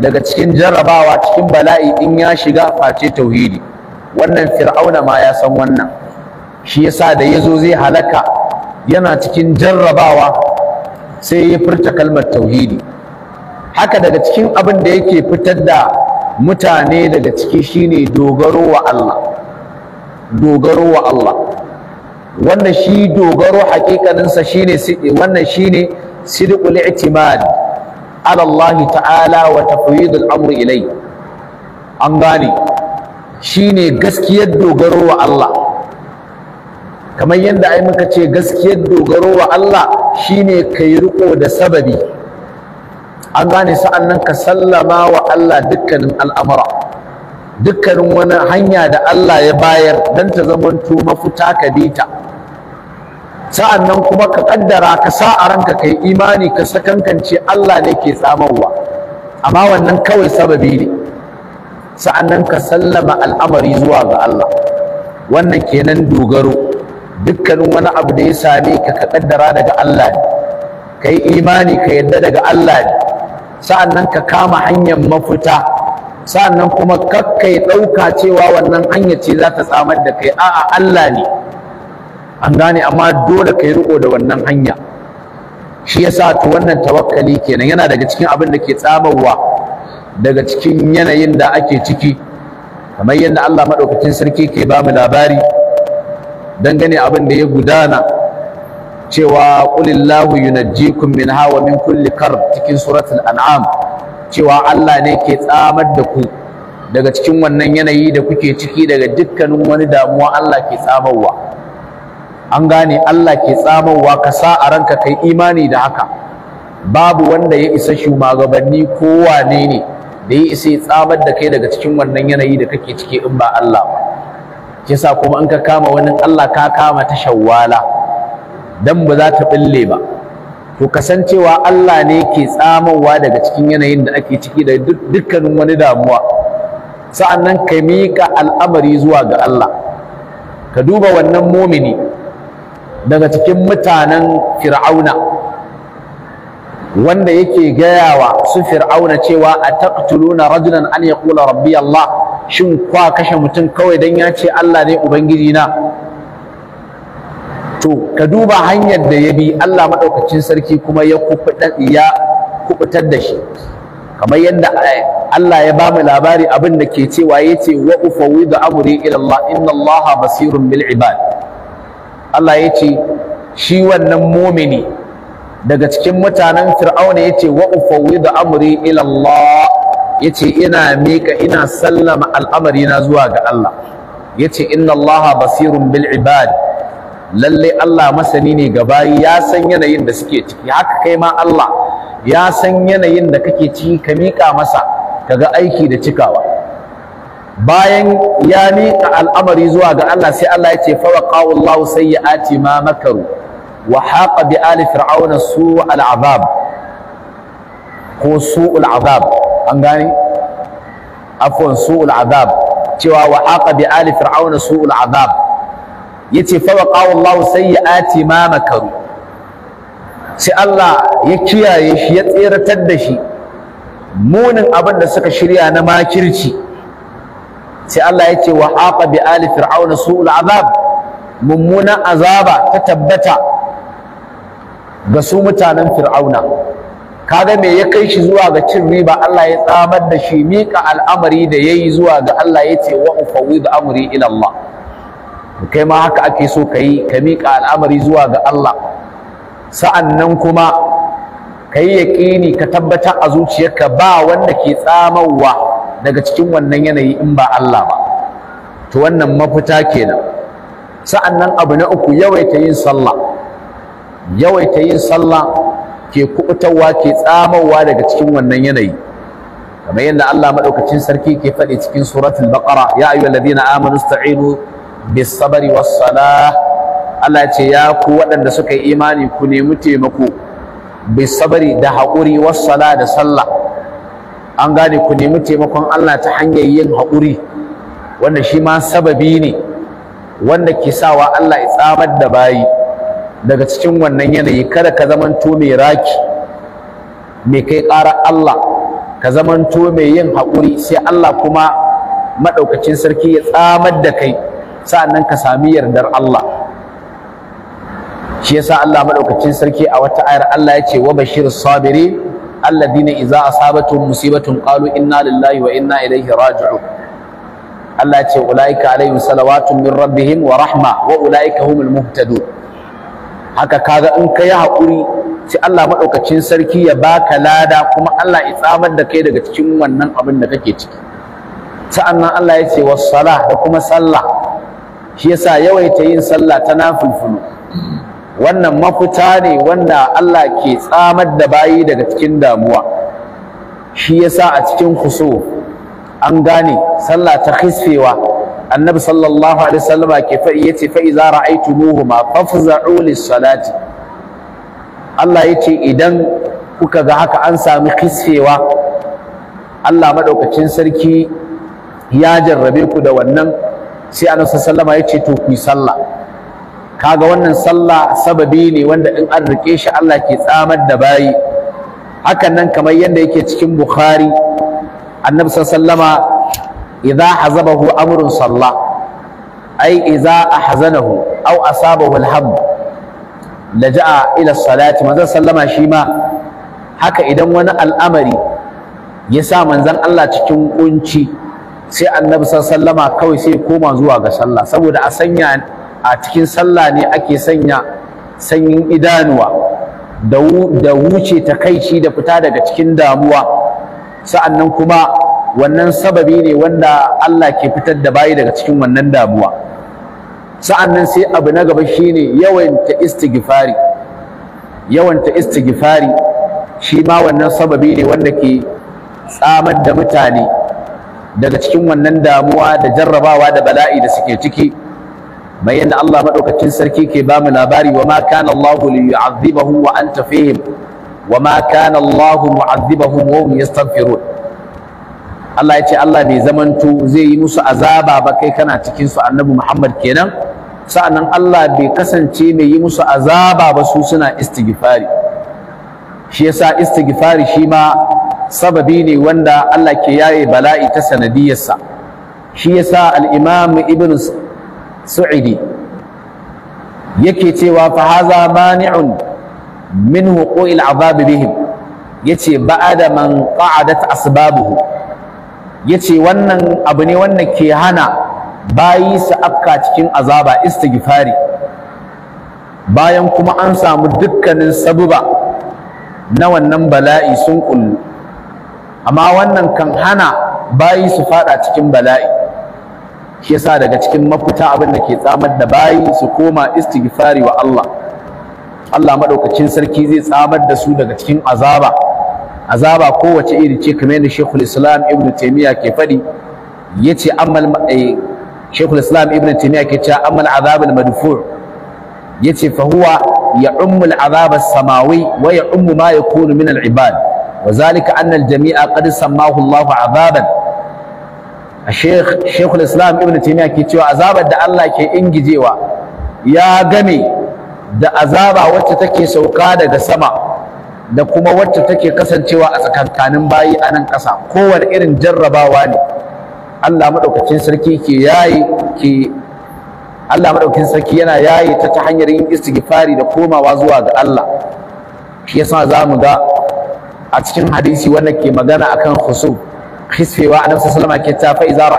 daga cikin jarrabawa cikin bala'i in ya shiga face tauhidi wannan fir'auna ma ya san wannan shi yasa da yazo zai halaka yana cikin jarrabawa sai ya furta kalmar tauhidi haka daga cikin abin da yake fitar da mutane daga ciki shine dogaro wa Allah dogaro wa Allah wannan shi dogaro hakikaninsa shine wannan shine sidqul i'timad ala Allah ta'ala wa tafwid al ilai an gane shine gaskiyar dogaro wa Allah kamar yadda ai muka ce gaskiyar dogaro wa Allah shine kai riko da sababi an gane sa'annan ka sallama wa Allah dukkanin al'amura dukkanin wani hanya da Allah ya bayar don ta zamanto mafuta ka bita Sa'annan kuma ka kaddara ka sa a ranka kai imani ka sakankance Allah ne ke samarwa amma wannan kawai sababi ne sa'an ka sallama al'amari zuwa ga Allah wannan kenan dogaro dukkanin wani abu da ya same ka ka kaddara daga Allah ne ka imani ka yadda daga Allah ne sa'an nan ka kama hanyar mafita sa'an kuma kakkai ɗauka cewa wannan hanyar ce za ta samar da kai a'a Allah ne an gane amma dole ka yi riko da wannan hanya shi ya sa to wannan tawakkali kenan yana daga cikin abin da ke tsabarwa daga cikin yanayin da ake ciki kamar yadda Allah maɗaukacin sarki ke ba mu labari dangane abin da ya gudana cewa qulillahu yunajjikum minha hawa min kulle karb cikin suratul an'am cewa Allah ne ke tsamar da ku daga cikin wannan yanayi da kuke ciki daga dukkanin wani damuwa Allah ke tsamarwa an gane Allah ke tsamowa ka sa a ranka kai imani da haka babu wanda ya isa shugabanni ko wane ne da ya isa ya tsamar da kai daga cikin wannan yanayi da kake ciki in ba Allah ba kisa kuma in ka kama wani Allah ka kama ta shawwala dan ba za ta bille ba to kasancewa Allah ne ke tsamowa daga cikin yanayin da ake ciki da dukkanin wani damuwa sa'annan ka miƙa al'amari zuwa ga Allah ka duba wannan mumini daga cikin mutanen fir'auna wanda yake gayawa su fir'auna cewa a taqtuluna rajulan an yaqula rabbi Allah shin kwa kashe mutum kawai dan ya ce Allah ne ubangiji na to ka duba hanyar da ya bi Allah madaukakin sarki kuma ya kubutar da shi kamar yadda eh, Allah ya ba mu labari abin da ke cewa yace wa ufawwidu amri ila Allah inna Allaha basirun bil ibad Allah ya ce shi wannan mumini daga cikin mutanen fir'auna ya ce wa ufawwidu amri ila Allah ya ce ina mika ina sallama al'amari na zuwa ga Allah ya ce inna Allah basirun bil ibad lalle Allah masani ne ga bayi ya san yanayin da suke ciki haka kai ma Allah ya san yanayin da kake ciki ka mika masa kaga aiki da cikawa bayan ya miƙa al'amari zuwa ga Allah sai Allah ya ce fa waqahu Allah sayyi'ati ma makaru wa haqa bi ali fir'auna su'al azab ko su'ul azab an gane afwan su'ul azab cewa wa haqa bi ali fir'auna su'ul azab yace fa waqahu Allah sayyi'ati ma makaru sai Allah ya kiyaye shi ya tseratar da shi munin abin da suka shirya na makirci sai Allah ya ce wa haqa bi ali fir'auna su'ul azab mummunan azaba ta tabbata ga su mutanen fir'auna kaga me ya kai shi zuwa ga cin riba Allah ya tsamar da shi mika al'amari da yayi zuwa ga Allah ya ce wa ufawwidu amri ila Allah kai ma haka ake so ka yi ka miƙa al'amari zuwa ga Allah sa'an nan kuma ka yi yaƙini ka tabbatar a zuciyarka ba wanda ke tsamarwa daga cikin wannan yanayi in ba Allah ba to wannan mafita kenan sa'annan abu na uku yawaita yin sallah yawaita yin sallah ke kubutawa ke tsamarwa daga cikin wannan yanayi kamar yadda Allah madaukakin sarki ke faɗi cikin suratul baqara ya ayyuhalladhina amanu ista'inu bis-sabri was-salah Allah ce ya ku waɗanda suka yi imani ku nemi taimako bis-sabri da haƙuri was da sallah an gane ku nemi taimakon Allah ta hanyar yin haƙuri wanda shi ma sababi ne wanda ke sawa Allah ya tsamar da bayi daga cikin wannan yanayi kada ka zamanto mai raki mai kai ƙara Allah ka zamanto mai yin haƙuri sai Allah kuma maɗaukacin sarki ya tsamar da kai sa'annan ka sami yardar Allah shi yasa Allah maɗaukacin sarki a wata ayar Allah ya ce wa bashir sabiri alladhina idza asabatuhum musibatun qalu inna lillahi wa inna ilaihi raji'un Allah ya ce ulaika alaihim salawatun min rabbihim wa rahma wa ulaika humul muhtadun haka kaga in ka yi haƙuri sai Allah maɗaukacin sarki ya baka lada kuma Allah ya tsamar da kai daga cikin wannan abin da kake ciki sa'annan Allah ya ce was da kuma sallah shi yasa yawaita yin sallah ta nafilfilu wannan mafita ne wanda Allah ke tsamar da bayi daga cikin damuwa shi yasa a cikin kuso an gane sallah ta khisfewa annabi sallallahu alaihi wasallama ke faɗi yace fa idza ra'aytumuhuma fafza'u lis-salati Allah yace idan kuka ga haka an sami khisfewa Allah madaukakin sarki ya jarrabe ku da wannan sai annabi sallallahu alaihi wasallama yace to ku yi sallah kaga wannan sallah sababi ne wanda in an rike shi Allah ke tsamar da bayi hakan nan kamar yadda yake cikin bukhari annabi sallama idza hazabahu amrun salla ai idza ahzanahu aw asabahu alham laja'a ila salati manzon sallama shi ma haka idan wani al'amari ya sa manzon Allah cikin kunci sai annabi sallama kawai sai koma zuwa ga sallah saboda a sanya a cikin sallah ne ake sanya sanyin idanuwa da wuce takaici da fita daga cikin damuwa sa'annan kuma wannan sababi ne wanda Allah ke fitar da bayi daga cikin wannan damuwa sa'annan sai abu na gaba shine yawanta istighfari yawanta istighfari shi ma wannan sababi ne wanda ke tsamar da mutane daga cikin wannan damuwa da jarrabawa da bala'i da suke ciki Mai yadda Allah madaukakin sarki ke bamu labari wa ma kana Allah li yu'adhibahum wa anta fihim wa ma kana Allah mu'adhibahum wa hum yastaghfirun Allah ya ce Allah bai zamanto zai yi musu azaba ba kai kana cikin su annabi Muhammad kenan sa'annan Allah bai kasance mai yi musu azaba ba su suna istighfari shi yasa istighfari shi ma sababi ne wanda Allah ke yaye bala'i ta sanadiyarsa shi yasa al-Imam Ibn su'idi yake cewa fa haza mani'un min wuqu'il azab bihim yace da man qa'adat asbabuhu yace wannan abu ne wanda ke hana bayi su afka cikin azaba istighfari bayan kuma an samu dukkanin sabuba na wannan bala'i sun kullu amma wannan kan hana bayi su fada cikin bala'i shi yasa daga cikin mafita abin da ke tsamar da bayi su koma istighfari wa Allah Allah madaukakin sarki zai tsamar da su daga cikin azaba azaba kowace iri ce kamar yadda Sheikhul Islam Ibn Taymiyyah ke faɗi yace ammal eh, Sheikhul Islam Ibn Taymiyyah ke cewa amal, azab madfu yace fa huwa ya'ummu al-azab as-samawi wa ya'ummu ma yakunu min al-ibad وذلك أن jami'a قد سماه الله عذابا Sheikh Sheikhul Islam Ibn ke cewa azabar da Allah ke ingijewa ya game da azaba wacce take sauka daga sama da kuma wacce take kasancewa a tsakankanin bayi a nan ƙasa kowane irin jarrabawa ne Allah madaukakin sarki yana yayi ta ta hanyar yin istighfari da komawa zuwa ga Allah shi za mu ga a cikin hadisi wanda ke magana akan khusuf hisfewa annabi sallallahu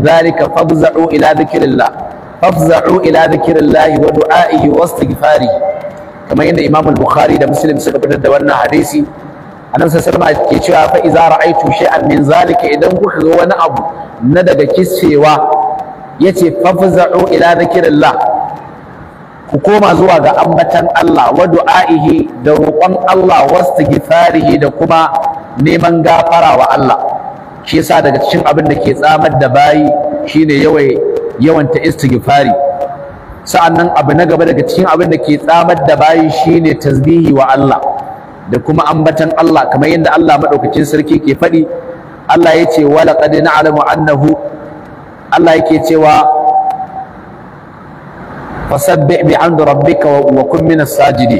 alaihi ila dhikrillah fafza'u ila dhikrillah wa du'a'ihi wa istighfari yadda Imam al-Bukhari da Muslim suka fitar da wannan hadisi ke cewa fa idan kuka wani abu na daga kisfewa yace fafza'u ila ku koma zuwa ga ambatan Allah wa du'a'ihi da roƙon Allah istighfarihi da kuma neman gafara wa Allah shi yasa daga cikin abin da ke tsamar da bayi shine yawai ta istighfari sa'annan abu na gaba daga cikin abin da ke tsamar da bayi shine tasbihi wa Allah da kuma ambatan Allah kamar yadda Allah madaukakin sarki ke faɗi Allah ya ce wa laqad na'lamu annahu Allah yake cewa fasabbih bihamdi rabbika wa kun minas sajidi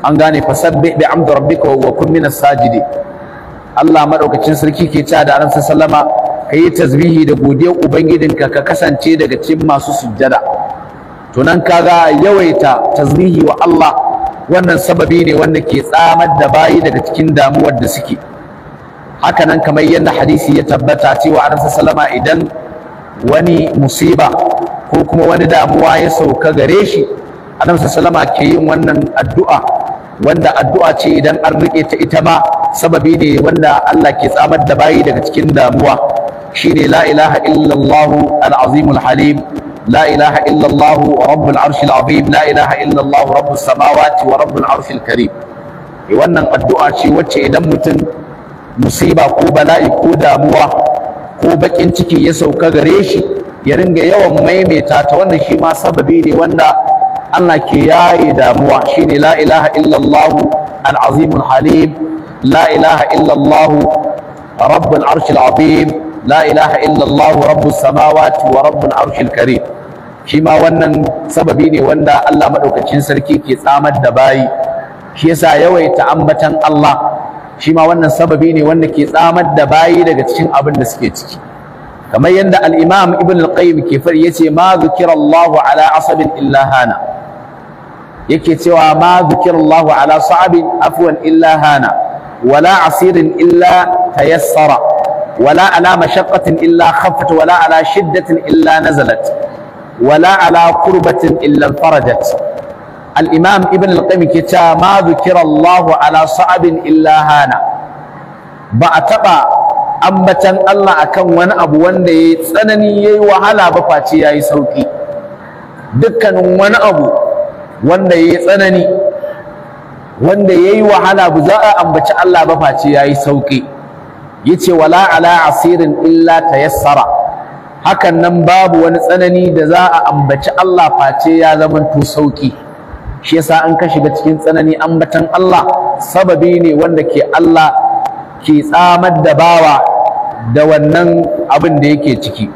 an gane rabbika wa kun minas sajidi Allah madaukakin sarki ke cewa da annabi sallama yi tasbihi da godiyar ubangidinka ka kasance daga cikin masu sujjada to nan kaga yawaita tasbihi wa Allah wannan sababi ne wanda ke tsamar da bayi daga cikin damuwar da suke haka nan kamar yadda hadisi ya tabbata cewa annabi sallama idan wani musiba ko kuma wani damuwa ya sauka gare shi annabi sallama ke yin wannan addu'a wanda addu'a ce idan an rike ta ita ma sababi ne wanda Allah ke tsamar da bayi daga cikin damuwa shine la ilaha illallah al-azim al-halim لا إله إلا الله رب العرش العظيم لا إله samawati. Wa رب السماوات ورب wannan addu'a ce wacce idan mutum musiba ko bala'i ko damuwa ko bakin ciki ya sauka gare shi ya ringa yawan maimaita ta wannan shi ma sababi ne wanda Allah ke yaye damuwa shine la ilaha illallah al-azim al-halim la ilaha illallah rabb al-arsh al-azim la ilaha illallah rabb as-samawati wa rabb al-arsh al-karim shi ma wannan sababi ne wanda Allah madaukakin sarki ke tsamar da bayi shi yasa yawaita ambatan Allah shi ma wannan sababi ne wanda ke tsamar da bayi daga cikin abin da suke ciki kamar yadda al-imam ibn al-qayyim ke fari yace ma zikrallahu ala asabin illa hana yake cewa ma zikrallahu ala sa'abin afwan illa hana wala asirin illa tayassara wala ala mashaqqatin illa khaffat wala ala shiddatin illa nazalat wala ala qurbatin illa farajat al-imam ibn al-qayyim ke cewa ma dhukira Allahu ala illa hana ba a taɓa ambatan Allah akan wani abu wanda yayi tsanani yayi wahala ba face yayi sauki dukkanin wani abu wanda yayi tsanani wanda yayi wahala ba a ambaci Allah ba face yayi sauki yace wala ala asirin illa tayassara hakan nan babu wani tsanani da za a ambaci Allah face ya zamanto sauki shi yasa an ka shiga cikin tsanani ambatan Allah sababi ne wanda ke Allah ke tsamar da bawa da wannan abin da yake ciki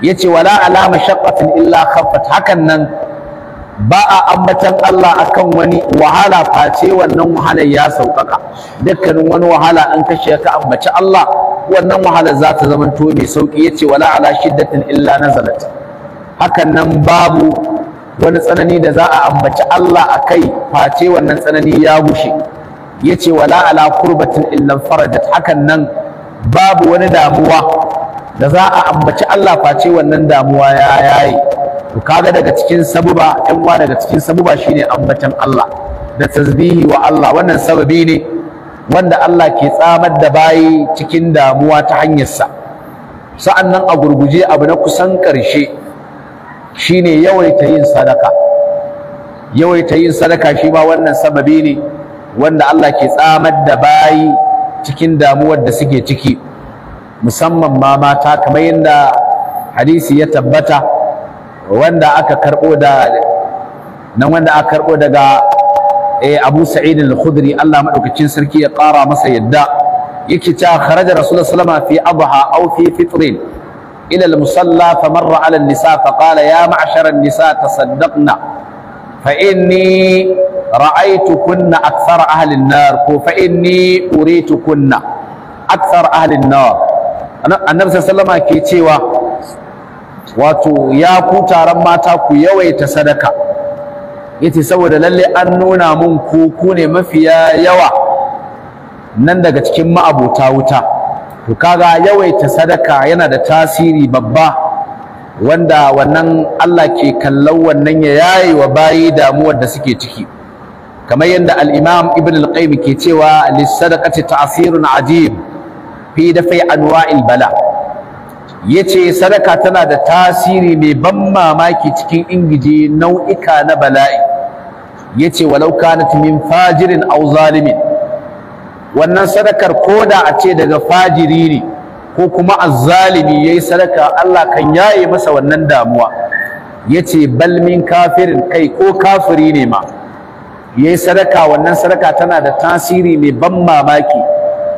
yace wala alama shaqqatin illa khaffat hakan nan ba a ambatan Allah akan wani wahala face wannan wahalar ya sauƙaƙa dukkanin wani wahala an kashe ka ambaci Allah wannan wahalar za ta zama to mai sauƙi yace wala ala shiddatin illa nazalat hakan nan babu wani tsanani da za a ambaci Allah a kai face wannan tsanani ya bushe, ya ce wala ala kurbatin illan farajat hakan nan babu wani damuwa da za a ambaci Allah face wannan damuwa ya yayi to kaga daga cikin sabuba ɗan uwa daga cikin sabuba shine ambacin Allah da tasbihi wa Allah wannan sababi ne wanda Allah ke tsamar da bayi cikin damuwa ta hanyarsa sa'annan a gurguje abu na kusan ƙarshe shine yawaita yin sadaka yawaita yin sadaka shi ma wannan sababi ne wanda Allah ke tsamar da bayi cikin damuwar da suke ciki musamman ma mata kamar yadda hadisi ya tabbata wanda aka karbo da nan wanda aka karbo daga eh, Abu Sa'id al-Khudri Allah madaukakin sarki ya ƙara masa yadda yake cewa kharaja Rasulullah sallallahu alaihi wasallam fi adha aw fi fitrin إلى المصلى فمر على النساء فقال يا معشر النساء تصدقن فإني رأيتكن أكثر أهل النار فإني أريتكن أكثر أهل النار النبي صلى الله عليه وسلم كيتيوا wato ya ku taron mata ku yawaita sadaka yace saboda lalle an nuna mun ku ku ne mafiya yawa nan daga cikin ma'abota wuta Tukara kaga yawaita sadaka yana da tasiri babba wanda wannan Allah ke kallon wannan ya yaye wa bayi damuwar da suke ciki kamar yadda al-Imam Ibn al-Qayyim ke cewa lis-sadaqati ta'sirun ajib fi dafi anwa'il bala yace sadaka tana da tasiri mai ban mamaki cikin ingije nau'ika na bala'i yace walau kanat min fajirin aw zalimin wannan sadakar koda a ce daga fajiri ne ko kuma azzalimi yayi sadaka Allah kan yaye masa wannan damuwa yace bal min kafirin kai ko kafiri ne ma yayi sadaka wannan sadaka tana da tasiri mai ban mamaki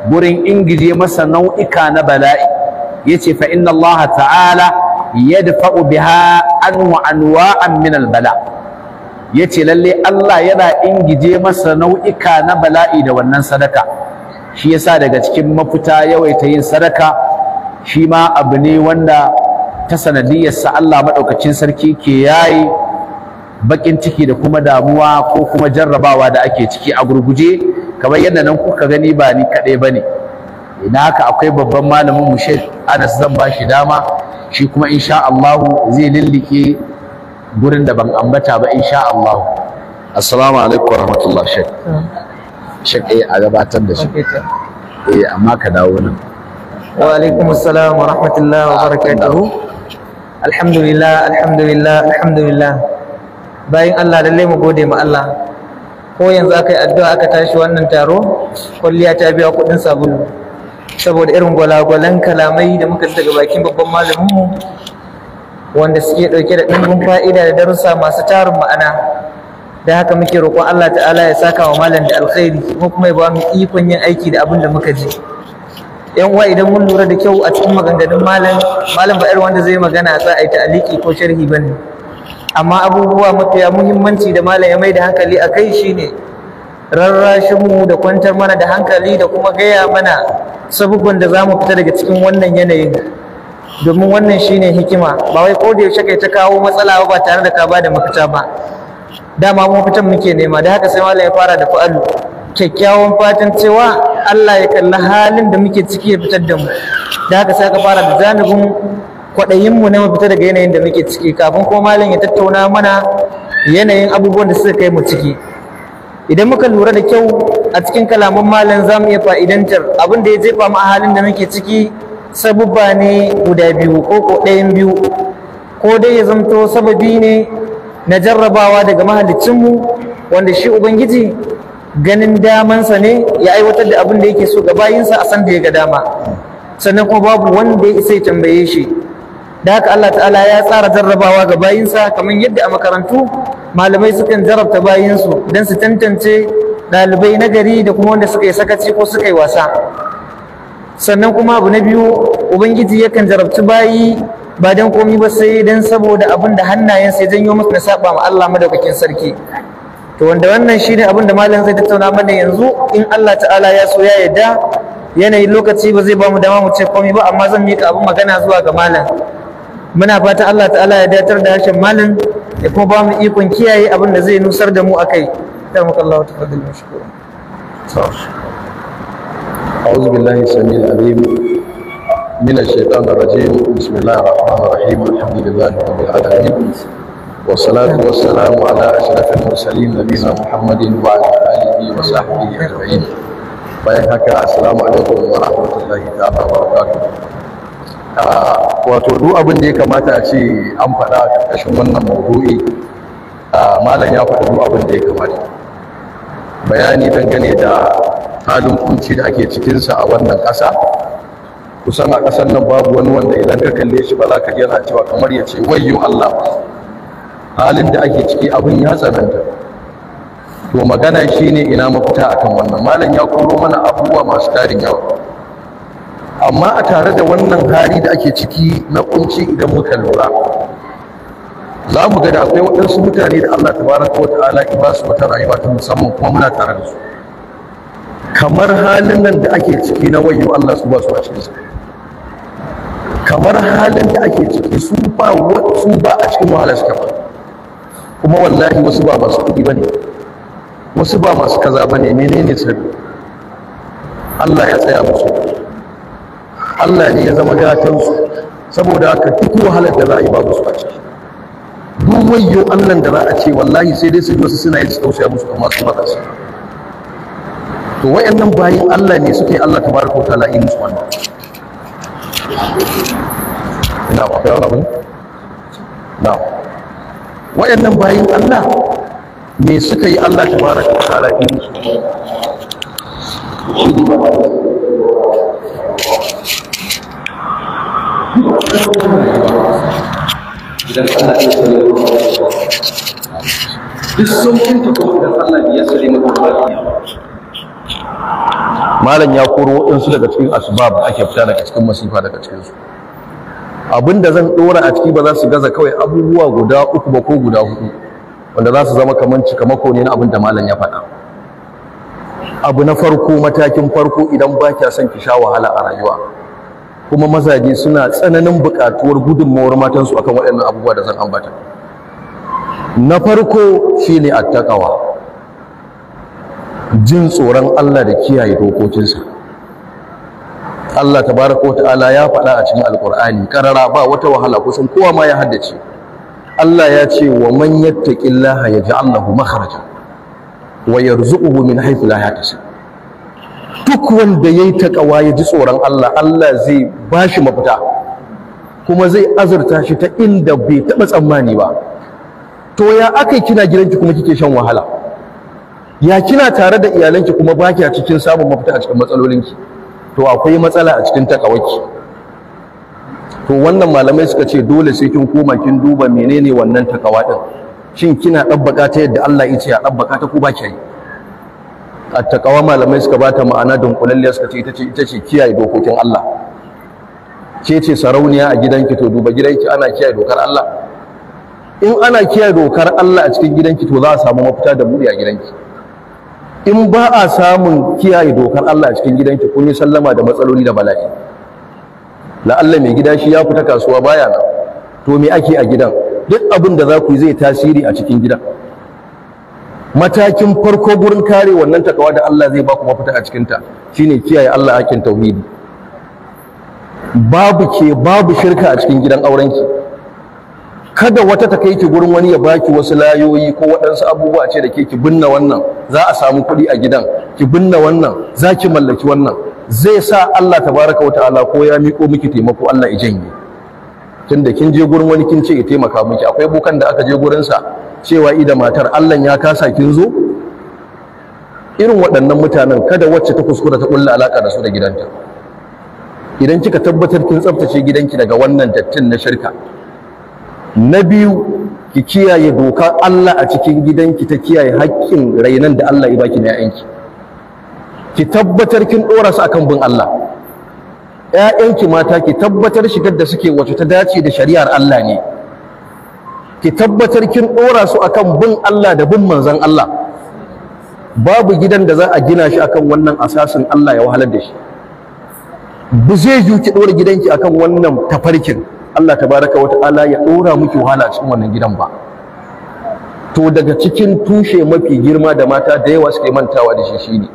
gurin ingije masa nau'ika na bala'i yace fa inna Allah ta'ala yadfa'u biha anhu anwa'an min al-bala' Ya ce lalle Allah yana ingije masa nau'ika na bala'i da wannan sadaka shi yasa daga cikin mafita yawaita yin sadaka shi ma abu ne wanda ta sanadiyar sa Allah maɗaukacin sarki ke yayi bakin ciki da kuma damuwa ko kuma jarrabawa da ake ciki a gurguje kamar yadda nan kuka gani ba ni kaɗai bane ne ina haka akwai babban malamin mu Sheikh Anas zan bashi dama shi kuma insha Allah zai lillike gurin da ban ambata ba insha Allah assalamu alaikum wa shek shek eh a gabatar da shi eh amma ka dawo nan wa alaikum assalam wa rahmatullah wa barakatuhu alhamdulillah alhamdulillah alhamdulillah bayan Allah lalle mu gode ma Allah ko yanzu akai addu'a aka tashi wannan taro kulliya ta biya kudin sabulu saboda irin gwalagwalan kalamai da muka daga bakin babban mu. wanda suke ɗauke da ɗimbin fa'ida da darussa masu tarin ma'ana da haka muke roƙon Allah ta'ala ya saka wa malam da alkhairi kuma kuma ya ba mu ikon yin aiki da abin da muka ji yan uwa idan mun lura da kyau a cikin maganganun malam malam ba irin wanda zai magana za a yi ta'aliki ko sharhi bane amma abubuwa mafiya muhimmanci da malam ya mai da hankali a kai shine rarrashin mu da kwantar mana da hankali da kuma gaya mana sabubban da za mu fita daga cikin wannan yanayin domin wannan shine hikima ba wai ko da yaushe kai ta kawo matsala ba tare da ka ba da mafita ba dama mu muke nema da haka sai malam ya fara da fa'alu kyakkyawan fatan cewa Allah ya kalli halin da muke ciki ya fitar da mu da haka sai ka fara da zanubin kwaɗayin mu na mafita daga yanayin da muke ciki kafin kuma malam ya tattauna mana yanayin abubuwan da suka kai mu ciki idan muka lura da kyau a cikin kalaman malam za mu iya fa'idantar abin da ya jefa mu a halin da muke ciki sabubba ne guda biyu ko ko ɗayan biyu ko dai ya zamto sababi ne na jarrabawa daga mahallicinmu wanda shi ubangiji ganin damansa ne ya aiwatar da abin da yake so ga bayinsa a sanda ya ga dama sannan kuma babu wanda ya isa ya tambaye shi da haka Allah ta'ala ya tsara jarrabawa ga bayinsa kamar yadda a makarantu malamai sukan jarrabta bayinsu don su tantance ɗalibai na gari da kuma wanda suka yi sakaci ko suka yi wasa sannan kuma abu na biyu ubangiji yakan jarabci bayi ba don komi ba sai dan saboda abin da sai ya janyo wa na saba ma Allah madaukakin sarki to wanda wannan shine abin da malam zai tattauna mana yanzu in Allah ta'ala ya so ya yarda yanayin lokaci ba zai ba mu dama mu ce komai ba amma zan mika abin magana zuwa ga malam muna fata Allah ta'ala ya datar da harshen malam ya kuma ba mu ikon kiyaye abin da zai nusar da mu akai tarmakallahu tafaddal أعوذ بالله السميع العليم من الشيطان الرجيم بسم الله الرحمن الرحيم الحمد لله رب العالمين والصلاة والسلام على أشرف المرسلين نبينا محمد وعلى آله وصحبه أجمعين bayan haka assalamu alaikum wa rahmatullahi ta'ala wa barakatuh wato duk abin da ya kamata a ce an faɗa a ƙarƙashin wannan malam ya faɗi duk abin da ya kamata bayani dangane da halin kunci da ake cikinsa a wannan ƙasa kusan a ƙasar nan babu wani wanda idan ka kalle shi ba za ka yana cewa kamar ya ce wayyo Allah halin da ake ciki abin ya tsananta to magana shine ina mafita akan wannan malam ya koro mana abubuwa masu tarin yawa amma a tare da wannan hali da ake ciki na kunci idan muka lura za mu ga da akwai waɗansu mutane da Allah tabaraka wa ta'ala ya ba su wata rayuwa ta musamman kuma muna tare da su kamar halin nan da ake ciki na wayo Allah su ba su a cikinsa kamar halin da ake ciki su ba wasu ba a cikin wahala suka ba kuma wallahi wasu ba masu kuɗi ba ne wasu ba masu kaza ba ne menene sirri Allah ya tsaya musu Allah ne ya zama gatansu saboda haka duk wahalar da za a yi babu su a ciki duk wayo Allah da za a ce wallahi sai dai su wasu suna yi su tausaya musu amma su matasa to wayannan bayin Allah ne suke Allah tabaraka wa ta'ala in suwan ina ba ya rabu na wayannan bayin Allah ne suka yi Allah tabaraka wa ta'ala in idan Allah ya duk sun kuma idan Allah ya malam ya koro waɗansu daga cikin asbab ake fita daga cikin masifa daga cikinsu abinda zan ɗora a ciki ba za su gaza kawai abubuwa guda uku ba ko guda hudu wanda za su zama kamar cikamako ne na abin da malam ya faɗa abu na farko matakin farko idan ba kya son ki sha wahala a rayuwa kuma mazaje suna tsananin buƙatuwar gudunmawar matansu akan waɗannan abubuwa da zan ambata na farko shine attaqawa jin tsoron Allah da kiyaye dokokinsa Allah tabaraka ta'ala ya faɗa a cikin alkur'ani karara ba wata wahala kusan kowa ma ya haddace Allah ya ce wa man yattaqillaha yaj'al lahu makhraja wa yarzuquhu min haythu la yahtasib duk wanda yayi takawa ya ji tsoron Allah Allah zai bashi mafita kuma zai azurta shi ta inda bai taɓa tsammani ba to ya aka kina gidanki kuma kike shan wahala ya kina tare da iyalanki kuma ba kya cikin samun mafita a cikin matsalolinki to akwai matsala a cikin takawaki to wannan malamai suka ce dole sai kin koma kin duba menene wannan takawa din shin kina dabbaka ta yadda Allah ya ce a dabbaka ta ko ba kya yi takawa malamai suka bata ma'ana dunkulalliya suka ce ita ce ita ce kiyaye dokokin Allah ce ce sarauniya a gidanki to duba gidanki ana kiyaye dokar Allah in ana kiyaye dokar Allah a cikin gidanki to za a samu mafita da buɗe a gidanki in ba a samun kiyaye dokar Allah a cikin gidanki kun yi sallama da matsaloli da bala'i Allah mai gida shi ya fita kasuwa baya nan to me ake a gidan duk abin da za ku yi zai tasiri a cikin gidan matakin farko gurin kare wannan takawa da Allah zai baku mafita a cikin ta shine kiyaye Allah hakin tauhidi babu ke babu shirka a cikin gidan aurenki kada wata ta kai ki gurin wani ya baki wasu layoyi ko waɗansu abubuwa ce da ke ki binne wannan za a samu kuɗi a gidan ki binne wannan za ki mallaki wannan zai sa Allah tabaraka wa ta'ala ko ya miko miki taimako Allah ya janye da kin je gurin wani kin ce ya taimaka miki akwai bukan da aka je gurin sa cewa ida matar Allah ya kasa kin zo irin waɗannan mutanen kada wacce ta kuskura ta kulla alaka da su da gidanta idan kika tabbatar kin tsaftace gidanki daga wannan dattin na shirka na biyu ki kiyaye dokar Allah a cikin gidanki ta kiyaye haƙƙin rainan da Allah ya baki na ƴaƴanki ki tabbatar kin dora su akan bin Allah ƴaƴanki mata ki tabbatar shigar da suke wato ta dace da shari'ar Allah ne ki tabbatar kin dora su akan bin Allah da bin manzon Allah babu gidan da za a gina shi akan wannan asasin Allah ya wahalar da shi ba zai yiwu ki dora gidanki akan wannan tafarkin Allah tabaraka wa ta'ala ya ɗora muki wahala a cikin wannan gidan ba to daga cikin tushe mafi girma da mata da yawa suke mantawa da shi shine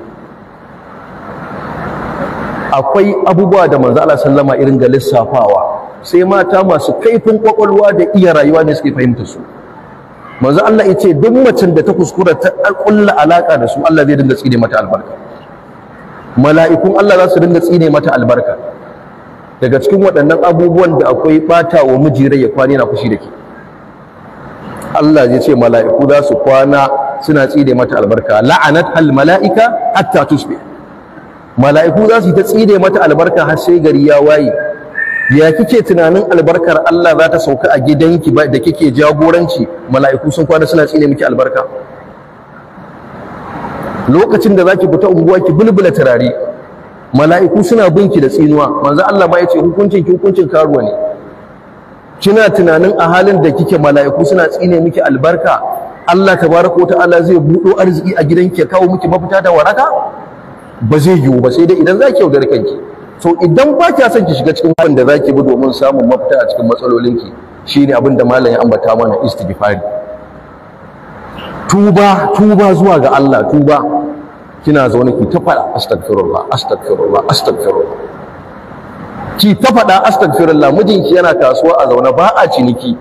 akwai abubuwa da manzo Allah sallama irin ga lissafawa sai mata masu kaifin kwakwalwa da iya rayuwa ne suke fahimta su manzo Allah ya ce duk macen da ta kuskura ta kulla alaka da su Allah zai dinga tsine mata albarka mala'ikun Allah za su dinga tsine mata albarka daga cikin waɗannan abubuwan da akwai ɓata wa miji rai ya kwana yana fushi da ke Allah zai ce mala'iku za su kwana suna tsire mata albarka la'anat hal mala'ika hatta tusbi mala'iku za su ta tsire mata albarka har sai gari ya waye ya kike tunanin albarkar Allah za ta sauka a gidanki da kike jagoranci mala'iku sun kwana suna tsire miki albarka lokacin da zaki fita unguwa ki bulbula turare mala'iku suna binki da tsinuwa manzo Allah ba ya ce hukuncin ki hukuncin karuwa ne kina tunanin a halin da kike mala'iku suna tsine miki albarka Allah tabaraka ta'ala zai buɗo arziki a gidanki ya kawo miki mafita da waraka ba zai yiwu ba sai dai idan zaki yaudar kanki so idan ba kya son ki shiga cikin abin da zaki bi domin samun mafita a cikin matsalolinki shine abin da malam ya ambata mana istighfari tuba tuba zuwa ga Allah tuba kina zaune ki ta faɗa astagfirullah astagfirullah astagfirullah ki ta faɗa astagfirullah mijinki yana kasuwa a zaune ba a ciniki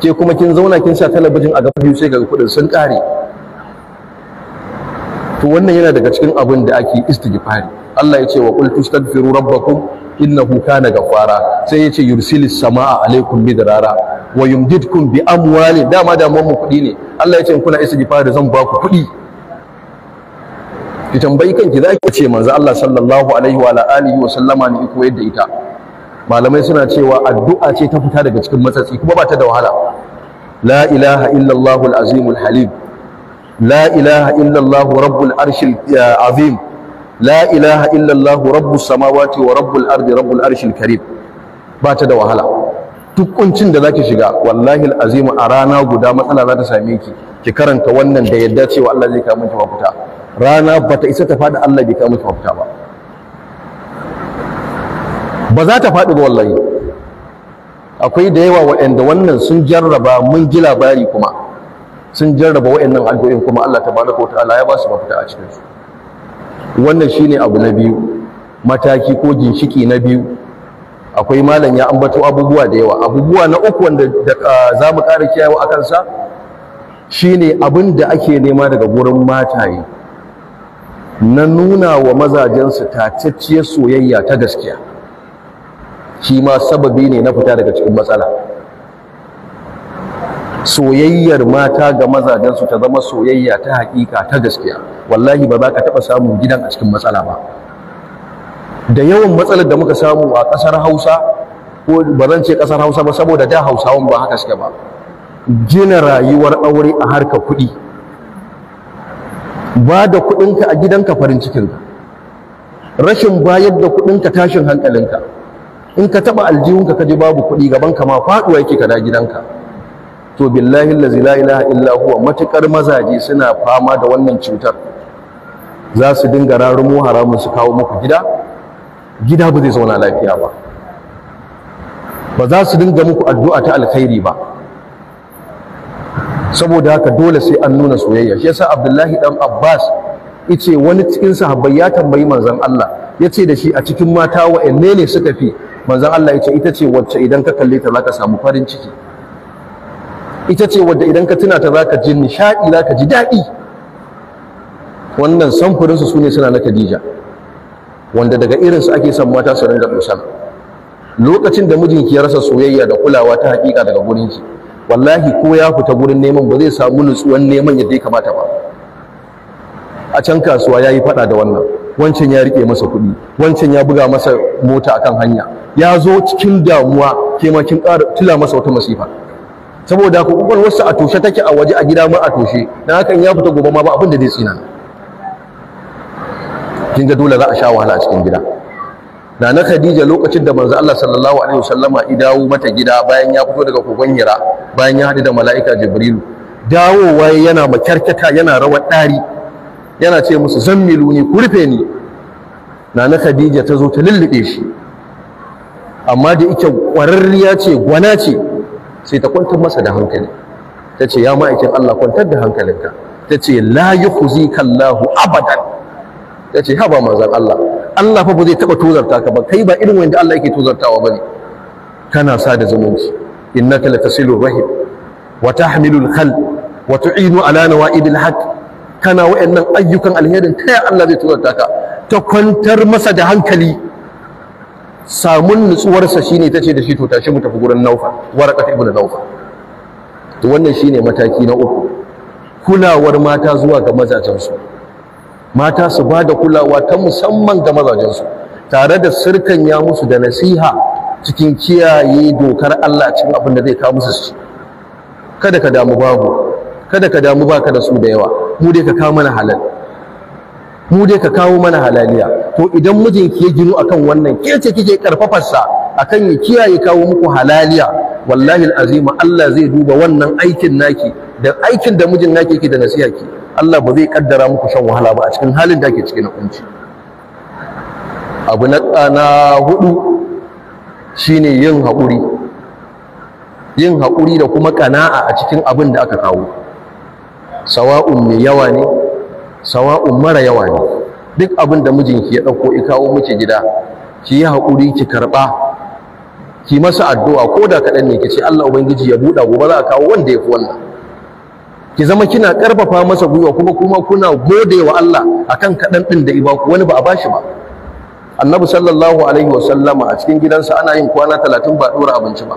ke kuma kin zauna kin sa talabijin a gaba biyu sai ga kuɗin sun ƙare to wannan yana daga cikin abin da ake istighfari Allah ya ce wa qul tastaghfiru rabbakum innahu kana ghafara sai ya ce yursilis samaa alaikum midrara wa yumdidkum bi amwali dama da mu kuɗi ne Allah ya ce kuna istighfari zan ba ku kuɗi ki tambayi kanki za ki ce manzo Allah sallallahu alaihi wa alihi wa sallama ne koyar yadda ita malamai suna cewa addu'a ce ta fita daga cikin matsatsi kuma ba ta da wahala la ilaha illallah al-azim al-halim la ilaha illallah rabbul arshil azim la ilaha illallah rabbus samawati wa rabbul ardi rabbul arshil karim ba ta da wahala duk kuncin da zaki shiga wallahi al-azim a rana guda matsala za ta same ki ki karanta wannan da yadda cewa Allah zai kawo miki mafita rana ba ta isa ta faɗi Allah bai kawo mata mafita ba ba za ta faɗi ba wallahi akwai da yawa waɗanda wannan sun jarraba mun ji labari kuma sun jarraba waɗannan addu'o'in kuma Allah tabaraka wa ta'ala ya ba su mafita a cikin su wannan shine abu na biyu mataki ko ginshiki na biyu akwai malam ya ambato abubuwa da yawa abubuwa na uku wanda za mu ƙara kiyawa a kansa shine abin da ake nema daga gurin mataye na nuna wa mazajensu tacacciyar soyayya ta gaskiya shi ma sababi ne na fita daga cikin matsala soyayyar mata ga mazajensu ta zama soyayya ta hakika ta gaskiya wallahi ba za ka taɓa samun gidan a cikin matsala ba da yawan matsalar da muka samu a ƙasar hausa ko ba zan ce ƙasar hausa ba saboda da hausawan ba haka suke ba gina rayuwar aure a harkar kuɗi ba da kuɗinka a gidanka farin cikinka rashin bayar da kuɗinka tashin hankalinka in ka taɓa aljihunka ka ji babu kuɗi gabanka ma faɗuwa yake kada gidanka to billahi allazi la ilaha illa huwa matukar mazaje suna fama da wannan cutar za su dinga rarumo haramun su kawo muku gida gida ba zai zauna lafiya ba ba za su dinga muku addu'a ta alkhairi ba saboda haka dole sai an nuna soyayya shi yasa abdullahi dan abbas yace wani cikin sahabbai ya tambayi manzon Allah yace da shi a cikin mata wa'anne ne suka fi manzon Allah yace ita ce wacce idan ka kalle ta zaka samu farin ciki ita ce wadda idan ka tuna ta zaka ji nishadi zaka ji daɗi wannan samfurin su sune suna na Khadija wanda daga irin su ake son mata su ringa dosan lokacin da mijinki ya rasa soyayya da kulawa ta hakika daga gurin ki wallahi ko ya fita gurin neman ba zai samu nutsuwan neman yadda ya kamata ba a can kasuwa ya yi faɗa da wannan wancan ya riƙe masa kuɗi wancan ya buga masa mota akan hanya ya zo cikin damuwa ke ma kin ƙara tila masa wata masifa saboda ku kokon wasu a toshe take a waje a gida ma a toshe dan hakan ya fita gobe ma ba abin da zai tsina kin ga dole za a sha wahala a cikin gida na na khadija lokacin da manzo Allah sallallahu alaihi wasallama ya dawo mata gida bayan ya fito daga kogon hira bayan ya haɗu da mala'ika jibrilu dawowa yana makyarkyata yana rawar ɗari yana ce musu zammilu ni ku rufe ni na na khadija ta zo ta lullube shi amma da ike ƙwararriya ce gwana ce sai ta kwantar masa da hankali ta ce ya ma'aikin Allah kwantar da hankalinka ta ce la yukhzika Allahu abadan ta ce haba manzon Allah Allah fa ba zai taba tozarta ka ba kai ba irin wanda Allah yake ba ne? kana sa da zumunci innaka latasilu rahim wa hal, wata wa tu'inu ala nawaidil haqq kana wayannan ayyukan alherin ta Allah zai tozarta ka ta kwantar masa da hankali samun nutsuwarsa shine tace da shi to tashi mu tafi gurin Naufa waraqat ibn Naufa to wannan shine mataki na uku kulawar mata zuwa ga mazajensu su mata su ba da kulawa ta musamman ga mazajensu tare da sirkan ya musu da nasiha cikin kiyaye dokar Allah cikin abin da zai kawo musu su kada ka damu babu kada ka damu baka da su da yawa mu dai ka kawo mana halal mu dai ka kawo mana halaliya to idan mijinki ya ginu akan wannan ke ce kike karfafarsa akan ya kiyaye kawo muku halaliya wallahi alazima Allah zai duba wannan aikin naki da aikin da mijin naki yake da nasiha ki Allah ba zai kaddara muku shan wahala ba a cikin halin da ke ciki na kunci abu na tsana hudu shine yin haƙuri yin haƙuri da kuma kana'a a cikin abin da aka kawo sawa'un mai yawa ne sawa'un mara yawa ne duk abin da mijinki ya ɗauko ya kawo miki gida ki yi haƙuri ki karɓa ki masa addu'a ko da kaɗan ne ki ce Allah Ubangiji ya buɗa gobe za a kawo wanda ya fi wannan ki zama kina karfafa masa gwiwa kuma kuma kuna gode wa Allah akan kaɗan ɗin da ibaku wani ba a bashi ba annabi sallallahu alaihi wa sallama a cikin gidansa ana yin kwana talatin ba a ɗora abinci ba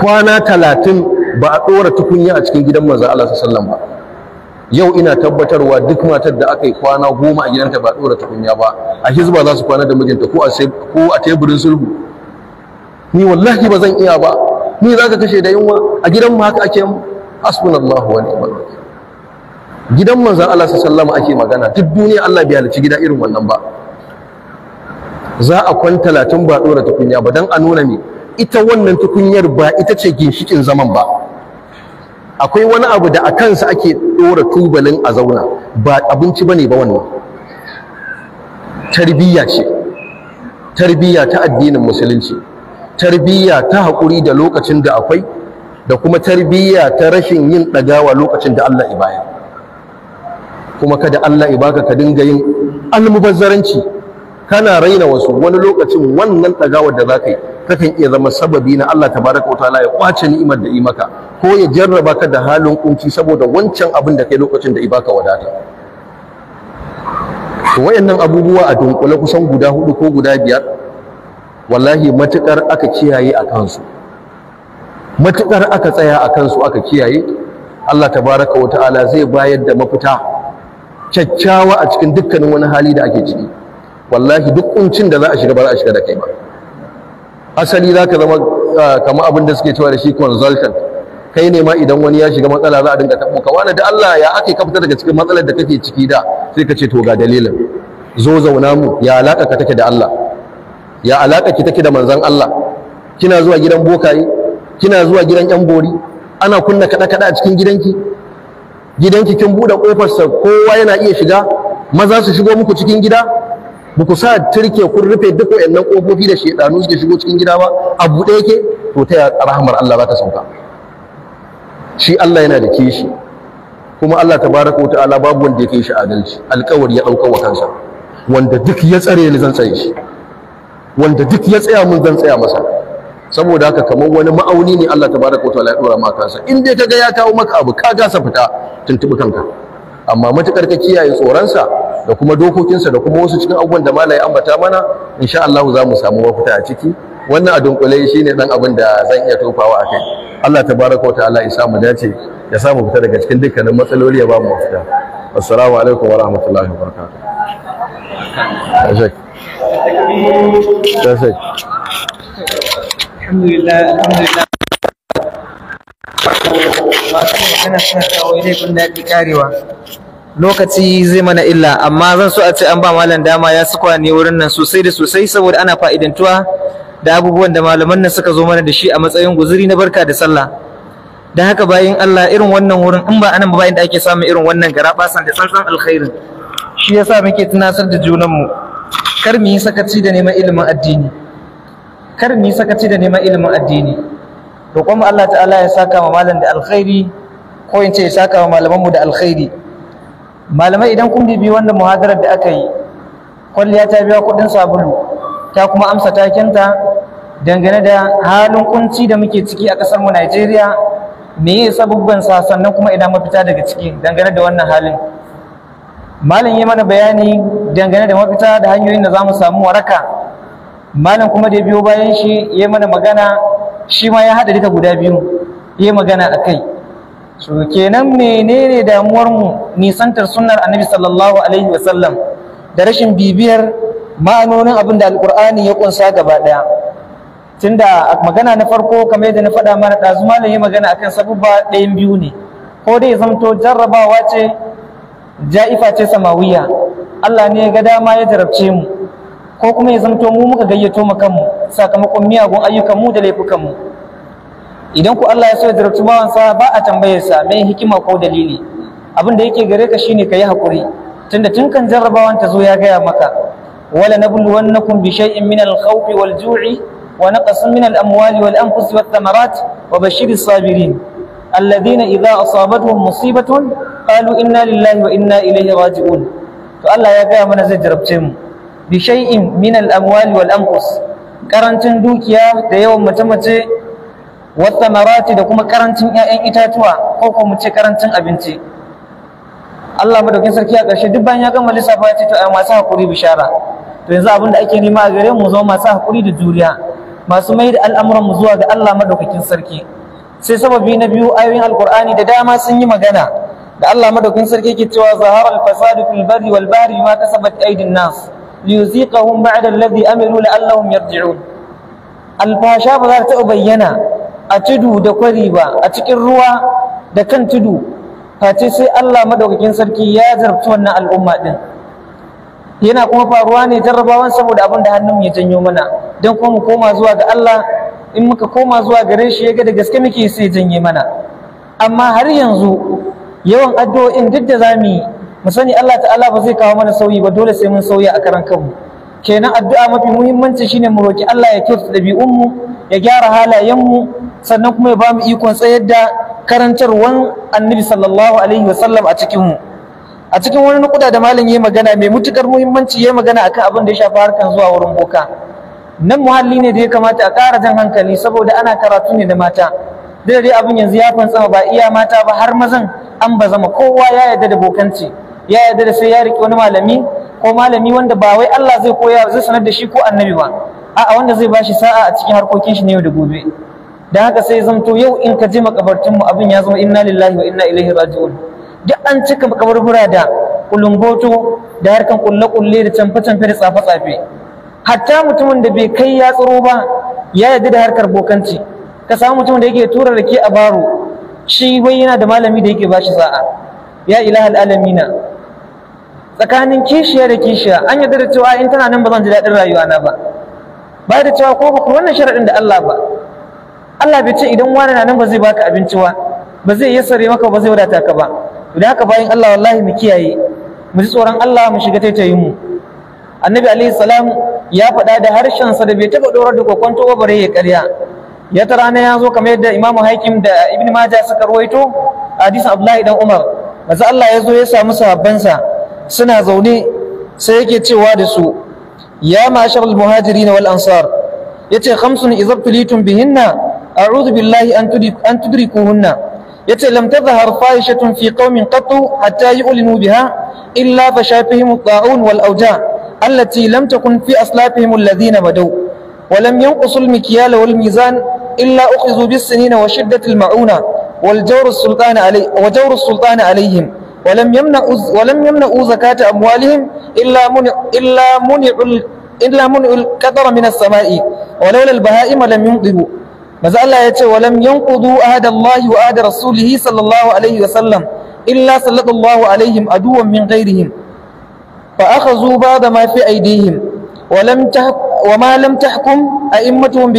kwana talatin ba a ɗora tukunya a cikin gidan manzo Allah sallallahu ba yau ina tabbatarwa duk matar da aka yi kwana goma a gidanta ba a ɗora tukunya ba a hizba za su kwana da mijinta ko a teburin sulhu ni wallahi ba zan iya ba ni za ka kashe da yunwa a gidan mu haka ake mu wa ni'mal gidan manzon Allah sallallahu ake magana duk duniya Allah bai halici gida irin wannan ba za a kwan talatin ba dora tukunya ba dan a nuna me ita wannan tukunyar ba ita ce ginshikin zaman ba akwai wani abu da a kansa ake dora tubalin a zauna ba abinci bane ba wannan tarbiyya ce tarbiyya ta addinin musulunci tarbiyya ta haƙuri da lokacin da akwai da kuma tarbiyya ta rashin yin ɗagawa lokacin da Allah ibaya kuma kada Allah ibaka ka dinga yin almubazzaranci kana raina wasu wani lokacin wannan ɗagawar da za ka yi takan iya zama sababi na Allah tabaraka wa ta'ala ya kwace ni'imar da maka, ko ya jarraba ka da halin kunci saboda wancan abin da kai lokacin da ibaka wadata to wayannan abubuwa a dunkule kusan guda hudu ko guda biyar wallahi matukar aka kiyaye a kansu matukar aka tsaya a kansu aka kiyaye Allah tabaraka wa ta'ala zai bayar da mafita kyakkyawa a cikin dukkanin wani hali da ake ciki wallahi duk kuncin da za a shiga ba za a shiga da kai ba asali za ka zama kamar abin da suke cewa da shi consultant kai ne ma idan wani ya shiga matsala za a dinga tabo ka wani da Allah ya ake ka fita daga cikin matsalar da kake ciki da sai ka ce to ga dalilin zo zauna mu ya alaka ka take da Allah ya alaƙa ki take da manzan Allah kina zuwa gidan bokaye kina zuwa gidan yan bori ana kunna kada kada a cikin gidanki gidanki kin buɗe kofar kowa yana iya shiga maza su shigo muku cikin gida ba sa turke kun rufe duk wayannan kofofi da shedanu suke shigo cikin gida ba a bude yake to ta rahmar Allah za ta sauka shi Allah yana da kishi kuma Allah tabaraka ta'ala babu wanda ya kai shi adalci alƙawari ya ɗauka wa kansa wanda duk ya tsare ni zan tsaye shi wanda duk ya tsaya mun zan tsaya masa saboda haka kamar wani ma'auni ne Allah tabaraka wa ta'ala ya dora maka sa in dai kaga ya kawo maka abu ka gasa fita tuntubi kanka amma matukar ka kiyaye tsoronsa da kuma dokokinsa da kuma wasu cikin abubuwan da malai ambata mana insha Allah za mu samu mafita a ciki wannan a dunkule shine dan abin da zan iya tofawa a kai Allah tabaraka wa ta'ala ya samu dace ya sa mu fita daga cikin dukkanin matsaloli ya ba mu mafita assalamu alaikum wa rahmatullahi wa Perfect. Lokaci zai mana illa, amma zan so a ce an ba malam dama ya sukwa ne wurin nan sosai da sosai saboda ana fa'idantuwa da abubuwan da malaman nan suka zo mana da shi a matsayin guzuri na barka da sallah. Da haka bayan Allah irin wannan wurin in ba anan ba bayan da ake samun irin wannan garaɓasan da tsantsan alkhairin. Shi yasa muke tunasar da junanmu. kar mu yi sakaci da neman ilimin addini kar mu yi sakaci da neman ilimin addini roƙon mu Allah ta'ala ya saka wa malam da alkhairi ko in ce ya saka wa malaman mu da alkhairi malamai idan kun bibi wannan muhadarar da aka yi kwalliya ta biya kuɗin sabulu ta kuma amsa takinta dangane da halin kunci da muke ciki a ƙasar mu Najeriya me ya sabubban sa sannan kuma ina mafita daga ciki dangane da wannan halin malam ya mana bayani dangane da mafita da hanyoyin da za mu samu waraka malam kuma da biyo bayan shi ya mana magana shi ma ya haɗa duka guda biyu ya magana a kai so kenan menene damuwarmu nisantar sunnar annabi sallallahu alaihi wasallam da rashin bibiyar ma'anonin abin da alƙur'ani ya ƙunsa gaba ɗaya tunda magana na farko kamar yadda na faɗa mana ɗazu malam yi magana akan sabubba ɗayan biyu ne ko dai zamto jarrabawa ce ja'ifa ce samawiya Allah ne ya ga dama ya jarabce mu ko kuma ya zanto mu muka gayyato mu kanmu sakamakon miyagun ayyukan mu da laifukan mu idan ku Allah ya so ya jarabci bawansa ba a sa mai hikima ko dalili abin da yake gare ka shine ka yi haƙuri tunda tun kan jarrabawan ta zo ya gaya maka wala nabluwannakum bi shay'in min al-khawfi wal-ju'i ونقص من الأموال والأنفس wa وبشر sabirin alladhina إذا asabatuhum musibatun qalu inna lillahi wa inna ilaihi raji'un to Allah ya gaya mana zai jarabce mu bi shay'in min al amwal wal anqus karancin dukiya da yawan mace-mace wasamarati da kuma karancin 'ya'yan itatuwa ko ko mu ce karancin abinci Allah madaukin sarki a ƙarshe duk bayan ya gama lissafa ya ce to ai masu hakuri bishara to yanzu abin da ake nema a gare mu zama masu hakuri da juriya masu mai da al'amuran mu zuwa ga Allah madaukakin sarki sai sababi na biyu ayoyin alkur'ani da dama sun yi magana da Allah madaukin sarki yake cewa zahara al-fasad fil barri wal bahri ma kasabat aydin nas yuziqahum ba'da alladhi amilu la'allahum yarji'un al-fasha ba za ta bayyana a tudu da kwari ba a cikin ruwa da kan tudu face sai Allah madaukakin sarki ya zarfi wannan al'umma din yana kuma faruwa ne jarrabawan saboda abin da hannun ya janyo mana don kuma mu koma zuwa ga Allah in muka koma zuwa gare shi ya ga da gaske muke sai janye mana amma har yanzu yawan addu'o'in duk da zamu mu sani Allah ta'ala ba zai kawo mana sauyi ba dole sai mun sauya a karan kanmu kenan addu'a mafi muhimmanci shine mu roki Allah ya dabi'un ɗabi'unmu ya gyara halayenmu sannan kuma ya ba mu ikon tsayar da karantarwan annabi sallallahu alaihi wasallam a cikinmu a cikin wani nukuda da malam ya magana mai mutukar muhimmanci ya magana akan abin da ya shafi harkan zuwa wurin boka nan muhalli ne da ya kamata a ƙara jan hankali saboda ana karatu ne da mata dare abin yanzu ya fantsama ba iya mata ba har mazan an ba zama kowa ya yarda da bokanci ya yarda da sai ya riƙe wani malami ko malami wanda ba wai Allah zai koya zai sanar da shi ko annabi ba a'a wanda zai bashi sa'a a cikin harkokin shi ne yau da gobe dan haka sai to yau in ka je makabartun mu abin ya zama inna lillahi wa inna ilaihi raji'un duk an cika makabarbura da kulumboto da harkan kulle kulle da canfa canfa da tsafe tsafe hatta mutumin da bai kai ya tsaro ba ya yarda da harkar bokanci ka samu mutumin da yake tura rake a baro shi wai yana da malami da yake bashi sa'a ya ilahal alamina tsakanin kishiya da kishiya an yarda da cewa in tana nan ba zan ji daɗin rayuwa na ba ba da cewa ko ku wannan sharaɗin da Allah ba Allah bai ce idan wani na nan ba zai baka abinci ba ba zai yassare maka ba zai wadata ka ba idan haka bayan Allah wallahi mu kiyaye mu ji tsoron Allah mu shiga taitayin mu annabi alaihi salam ya faɗa da harshen sa da bai taɓa ɗorar da kokonto ba bare ya ƙarya ya ta rana ya zo kamar yadda imamu hakim da ibn maja suka ruwaito hadisin abdullahi dan umar maza Allah ya zo ya samu sahabbansa suna zaune sai yake cewa da su ya mashar al-muhajirin wal ansar yace khamsun idza tulitum bihinna a'udhu billahi an an tudrikuhunna yace lam tadhhar fahishatun fi qaumin qattu hatta yu'linu biha illa fashafihim at-ta'un wal awja allati lam takun fi aslafihim alladhina badaw ولم ينقصوا المكيال والميزان إلا أخذوا بالسنين وشدة المعونة والجور السلطان علي وجور السلطان عليهم ولم يمنعوا ولم يمنعوا زكاة أموالهم إلا منع إلا منع إلا منع القدر من السماء ولولا البهائم لم ينقذوا maza Allah ya ce walam yanqudu ahadallahi wa ahad rasulih sallallahu alaihi wa sallam illa sallallahu alaihim aduwan min ghairihim fa akhadhu ba'da ma fi aydihim wa lam wa ma lam tahkum a'immatuhum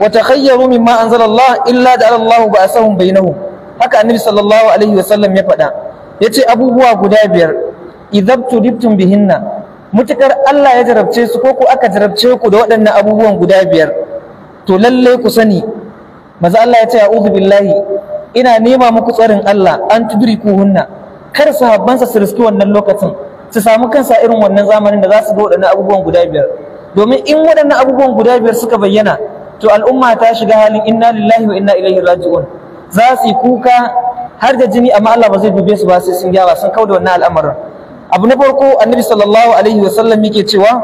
wa takhayyaru mimma anzalallah illa da Allah ba'asahum bainahu. haka annabi sallallahu alaihi wasallam ya faɗa yace abubuwa guda biyar idabtu dibtum bihinna mutakar Allah ya jarabce su ko ku aka jarabce ku da waɗannan abubuwan guda biyar to lalle ku sani maza Allah ya ce a'udhu billahi ina nema muku tsarin Allah an hunna kar sahabbansa su riski wannan lokacin su samu kansa irin wannan zamanin da za su ga waɗannan abubuwan guda biyar domin in waɗannan abubuwan guda biyar suka bayyana to al'umma ta shiga halin inna lillahi wa inna ilaihi raji'un za su yi kuka har da jini amma Allah ba zai dube su ba sai sun gyara sun kauda wannan al'amarin abu na farko annabi sallallahu alaihi wa sallam yake cewa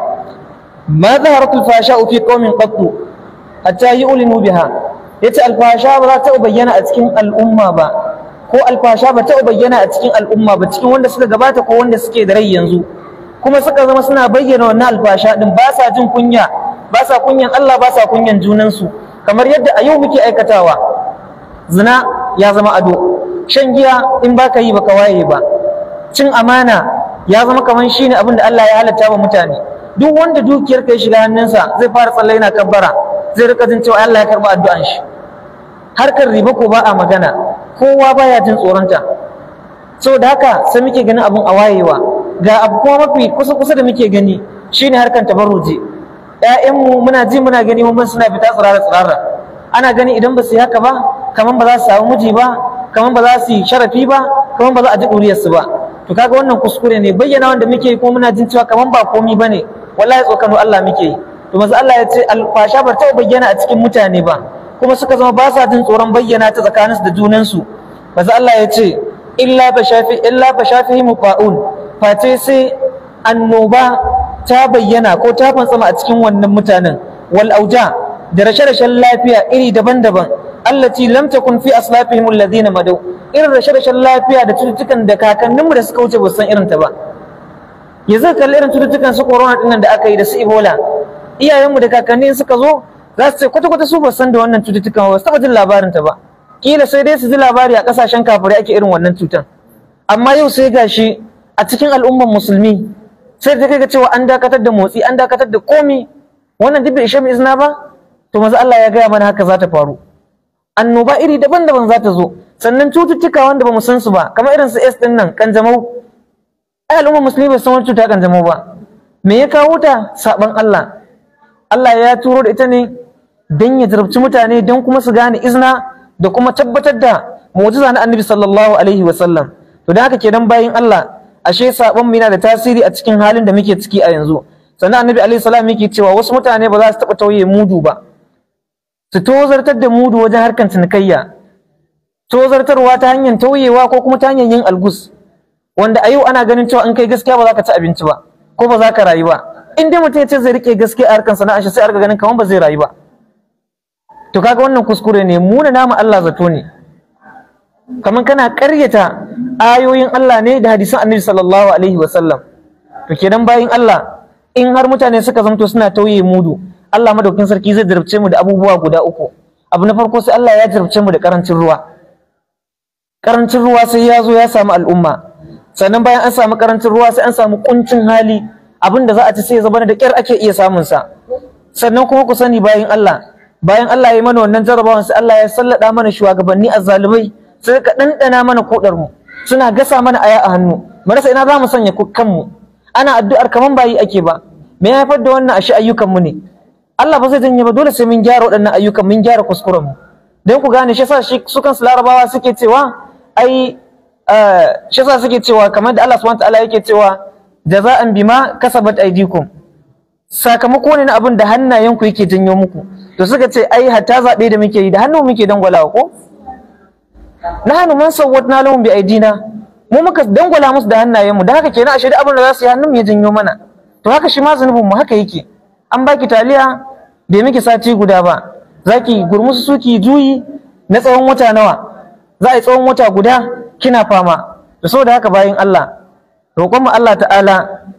ma zaharatul fasha'u fi qaumin qattu hatta yu'linu biha yace alfasha ba za ta bayyana a cikin al'umma ba ko alfasha ba ta bayyana a cikin al'umma ba cikin wanda suka gabata ko wanda suke da rai yanzu kuma suka zama suna bayyana wannan alfasha din ba sa jin kunya ba sa kunyan Allah ba sa kunyan junansu kamar yadda a yau muke aikatawa zina ya zama ado shan giya in baka yi baka waye ba cin amana ya zama kamar shine abin da Allah ya halatta wa mutane duk wanda dukiyar ka ya shiga hannunsa zai fara tsalle yana kabbara zai rika jin cewa Allah ya karba addu'an shi harkar riba ko ba a magana kowa baya jin tsoronta saboda haka sai muke ganin abin a wayewa ga abu kuma mafi kusa kusa da muke gani shine harkan tabarruji ƴaƴanmu muna ji muna gani mun suna fita tsirara tsirara ana gani idan ba su yi haka ba kaman ba za su samu miji ba kaman ba za su yi sharafi ba kaman ba za a ji su ba to kaga wannan kuskure ne bayyana wanda muke kuma muna jin cewa kaman ba komi bane wallahi tsokano Allah muke yi to maza Allah ya ce alfasha ba ta bayyana a cikin mutane ba kuma suka zama ba sa jin tsoron bayyana ta tsakaninsu da junansu maza Allah ya ce illa ba shafi illa ba mu face sai annoba ta bayyana ko ta fantsama a cikin wannan mutanen wal auja da rashe-rashen lafiya iri daban-daban allati lam takun fi aslafihim alladhina madu irin rashe-rashen lafiya da cututtukan da kakanninmu da suka wuce ba san irin ta ba yanzu kalli irin cututtukan su corona dinnan da aka yi da su ebola iyayenmu da kakannin suka zo za su ce kwata-kwata su ba san da wannan cututtukan ba su taɓa jin labarin ta ba kila sai dai su ji labari a ƙasashen kafirai ake irin wannan cutan amma yau sai gashi a cikin al'ummar musulmi sai ta kai ga cewa an dakatar da motsi an dakatar da komi wannan duk bai ishe izina ba to maza Allah ya gaya mana haka za ta faru annoba iri daban-daban za ta zo sannan cututtuka wanda ba mu san su ba kamar irin su S din nan kanjamau ai al'ummar musulmi ba san wani cuta kanjamau ba me ya kawo ta saban Allah Allah ya turo da ita ne don ya jarabci mutane dan kuma su gane izina da kuma tabbatar da mu'jiza na Annabi sallallahu alaihi wa to dan haka kenan bayin Allah ashe sabon mu yana da tasiri a cikin halin da muke ciki a yanzu sannan annabi alaihi salam yake cewa wasu mutane ba za su taba tauye mudu ba su tozartar da mudu wajen harkan cinikayya tozartarwa ta hanyar tauyewa ko kuma ta hanyar yin algus wanda a ana ganin cewa in kai gaskiya ba za ka ci abinci ba ko ba za ka rayu ba in dai mutum ya ce zai rike gaskiya a harkan sana'a shi sai a ganin kamar ba zai rayu ba to kaga wannan kuskure ne muna nama Allah zato ne kamar kana karyata ayoyin Allah ne da hadisan annabi sallallahu alaihi wasallam to kenan bayin Allah in har mutane suka zanto suna tauye mudu Allah madaukin sarki zai jarabce mu da abubuwa guda uku abu na farko sai Allah ya jarabce mu da karancin ruwa karancin ruwa sai ya zo ya samu al'umma sannan bayan an samu karancin ruwa sai an samu kuncin hali abin da za a ci sai ya zama da kyar ake iya samun sa sannan kuma ku sani bayan Allah bayan Allah ya mana wannan jarabawan sai Allah ya sallada mana shugabanni azzalumai su ka ɗanɗana mana kuɗar mu suna gasa mana aya a hannu Marasa ina za mu sanya kukan mu ana addu'ar kaman bayi ake ba me ya haifar da wannan ashe ayyukan mu ne Allah ba zai janye ba dole sai mun gyara waɗannan ayyukan mun gyara kuskuren mu dan ku gane shi yasa shi su kansu larabawa suke cewa ai eh, shi yasa suke cewa kamar da Allah subhanahu ta'ala yake cewa jaza'an bima kasabat aydikum sakamako ne na abin da hannayenku yake janyo muku to suka ce ai hatta zaɓe da muke yi da hannu muke dangwalawa ko nahnu man na lahum bi dina, mu muka dangwala musu da hannayen mu da haka kenan ashe duk abin da za su yi hannun mu ya janyo mana to haka shi ma zanubin mu haka yake an baki taliya bai miki sati guda ba zaki gurmusu suki juyi na tsawon wata nawa za a yi tsawon wata guda kina fama da saboda haka bayan Allah roƙon mu Allah ta'ala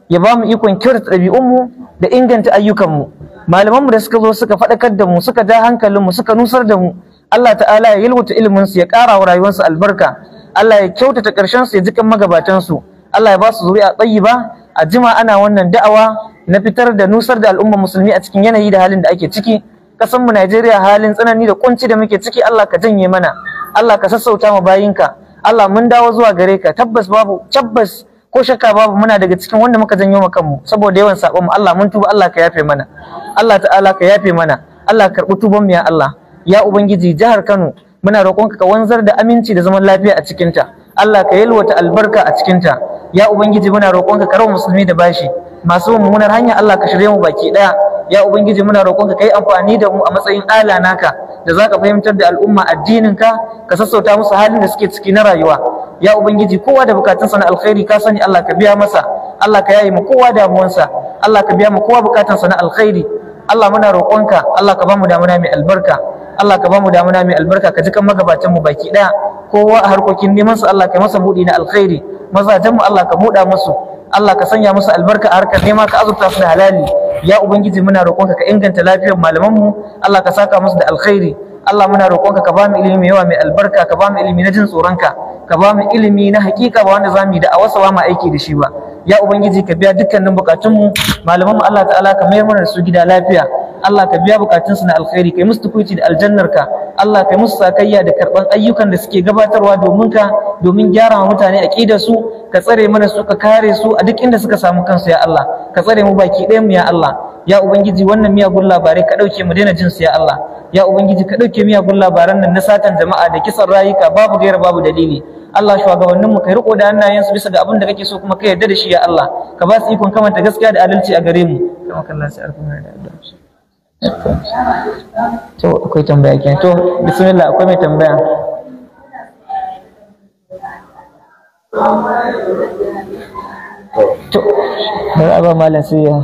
ya ba mu ikon kyautata ɗabi'un mu da inganta ayyukan mu malaman mu da suka zo suka faɗakar da mu suka da hankalin mu suka nusar da mu Allah ta'ala ya yalwata ilimin su ya ƙara wa rayuwarsu albarka Allah ya kyautata ƙarshen su ya jikan magabatan su Allah ya ba su zuri'a ba, a jima ana wannan da'awa na fitar da nusar da al'ummar musulmi a cikin yanayi da halin da ake ciki kasan mu Najeriya halin tsanani da kunci da muke ciki Allah ka janye mana Allah ka sassauta mu bayinka Allah mun dawo zuwa gare ka tabbas babu tabbas ko shakka babu muna daga cikin wanda muka janyo mu kanmu saboda yawan sabon mu Allah mun tuba Allah ka yafe mana Allah ta'ala ka yafe mana Allah karɓi tuban mu ya Allah ya ubangiji jihar Kano muna roƙonka ka wanzar da aminci da zaman lafiya a cikinta Allah ka yalwata albarka a cikinta ya ubangiji muna roƙonka ka rawa musulmi da bashi masu mummunar hanya Allah ka shirye mu baki daya ya ubangiji muna roƙonka yi amfani da mu a matsayin ala naka da zaka fahimtar da al'umma addinin ka ka sassauta musu halin da suke ciki na rayuwa ya ubangiji kowa da bukatunsa na alkhairi ka sani Allah ka biya masa Allah ka yaye mu kowa damuwansa Allah ka biya mu kowa bukatunsa na alkhairi Allah muna roƙonka Allah ka bamu damuna mai albarka Allah ka bamu damuna mai albarka ka jikan magabatan mu baki daya kowa a harkokin neman su Allah ka masa budi na alkhairi mazajen mu Allah ka buda musu Allah ka sanya musu albarka a harkar nema ka azurta su da halali ya ubangiji muna roƙonka ka inganta lafiyar malaman mu Allah ka saka musu da alkhairi Allah muna roƙonka ka bamu ilimi yawa mai albarka ka bamu ilimi na jin tsoronka ka bamu ilimi na hakika ba wanda zamu yi da awasa ba mu aiki da shi ba ya ubangiji ka biya dukkanin mu malaman mu Allah ta'ala ka mayar mana da su gida lafiya Allah ka biya bukatun su na alkhairi kai musu tukuci da ka. Allah kai musu sakayya da karban ayyukan da suke gabatarwa domin ka domin gyara wa mutane aqidar su ka tsare mana su ka kare su a duk inda suka samu kansu ya Allah ka tsare mu baki ɗayan mu ya Allah ya ubangiji wannan miyagun labarai ka ɗauke mu daina jin su ya Allah ya ubangiji ka ɗauke miyagun labaran nan na satan jama'a da kisan rayuka babu gaira babu dalili Allah shugabannin mu kai riko da hannayensu su bisa ga abin da kake so kuma ka yarda da shi ya Allah ka ba su ikon kamanta gaskiya da adalci a gare mu kuma kallon alfahari da adalci to akwai tambaya kenan to bismillah akwai mai tambaya to bari a ba malam sai ya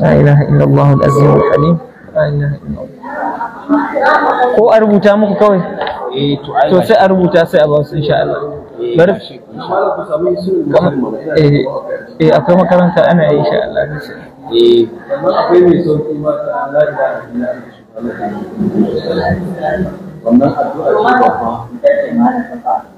la ilaha illallah al-azim al-halim la ilaha illallah ko a rubuta muku kawai eh, to sai a rubuta sai a ba su insha Allah eh, bari eh, eh akwai makaranta ana yi insha Allah eh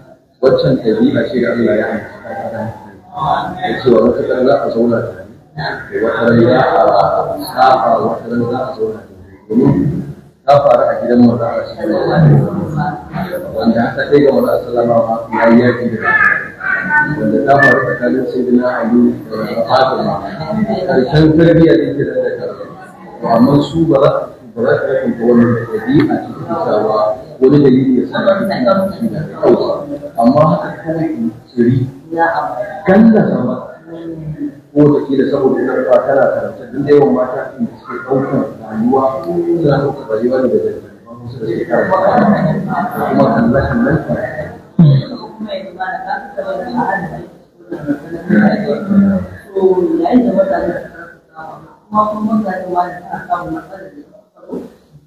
waccan ɗabi'a ce da Allah ya amince ya ce wa matuƙar za a zauna tare da wata rai za a saba wata rai za a zauna tare domin ta faru a gidan maza a cikin wanda aka ɗaya ga maza sallama ma ya yi yaƙi da wanda ta faru tsakanin sayyidina Ali da Fatima karshen tarbiyya da yake da ta amma su ba za su ba za su rakunta wannan ɗabi'a cikin sawa wani dalili ya sa amma haka da in tsiri gallasa ba ko da ke da saboda ina ba tana karanta duk da yawan mata da suke ɗaukar rayuwa suna ɗaukar rayuwa ne da jami'an musu da suke karanta kuma kallon kallon ta kuma kuma ga da wani ta samu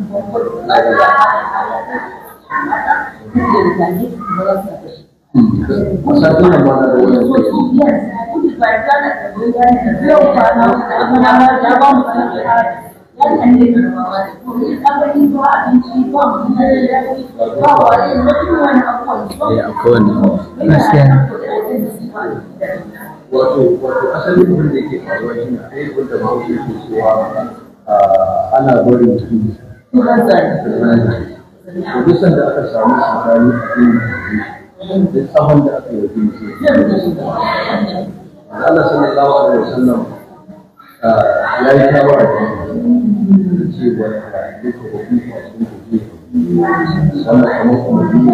Ah, ana duk sanda aka samu sabani a da da aka yi wa Allah sallallahu ya yi iyayen da za a yi ma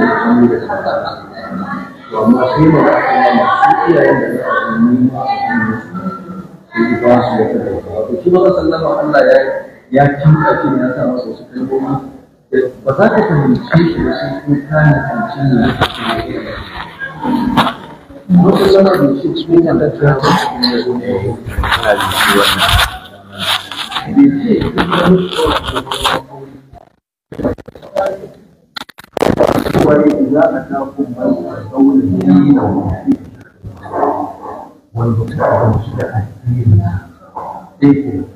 a su ba Allah ya yi ya a shi ya sa masa wasu kalmomi ba za ka fahimce shi ba sai ko ka na ne cikin Wasu da shi cikin yadda ta ta cikin ya zo ne. Ina da shi wannan. Bai ce, da Thank you.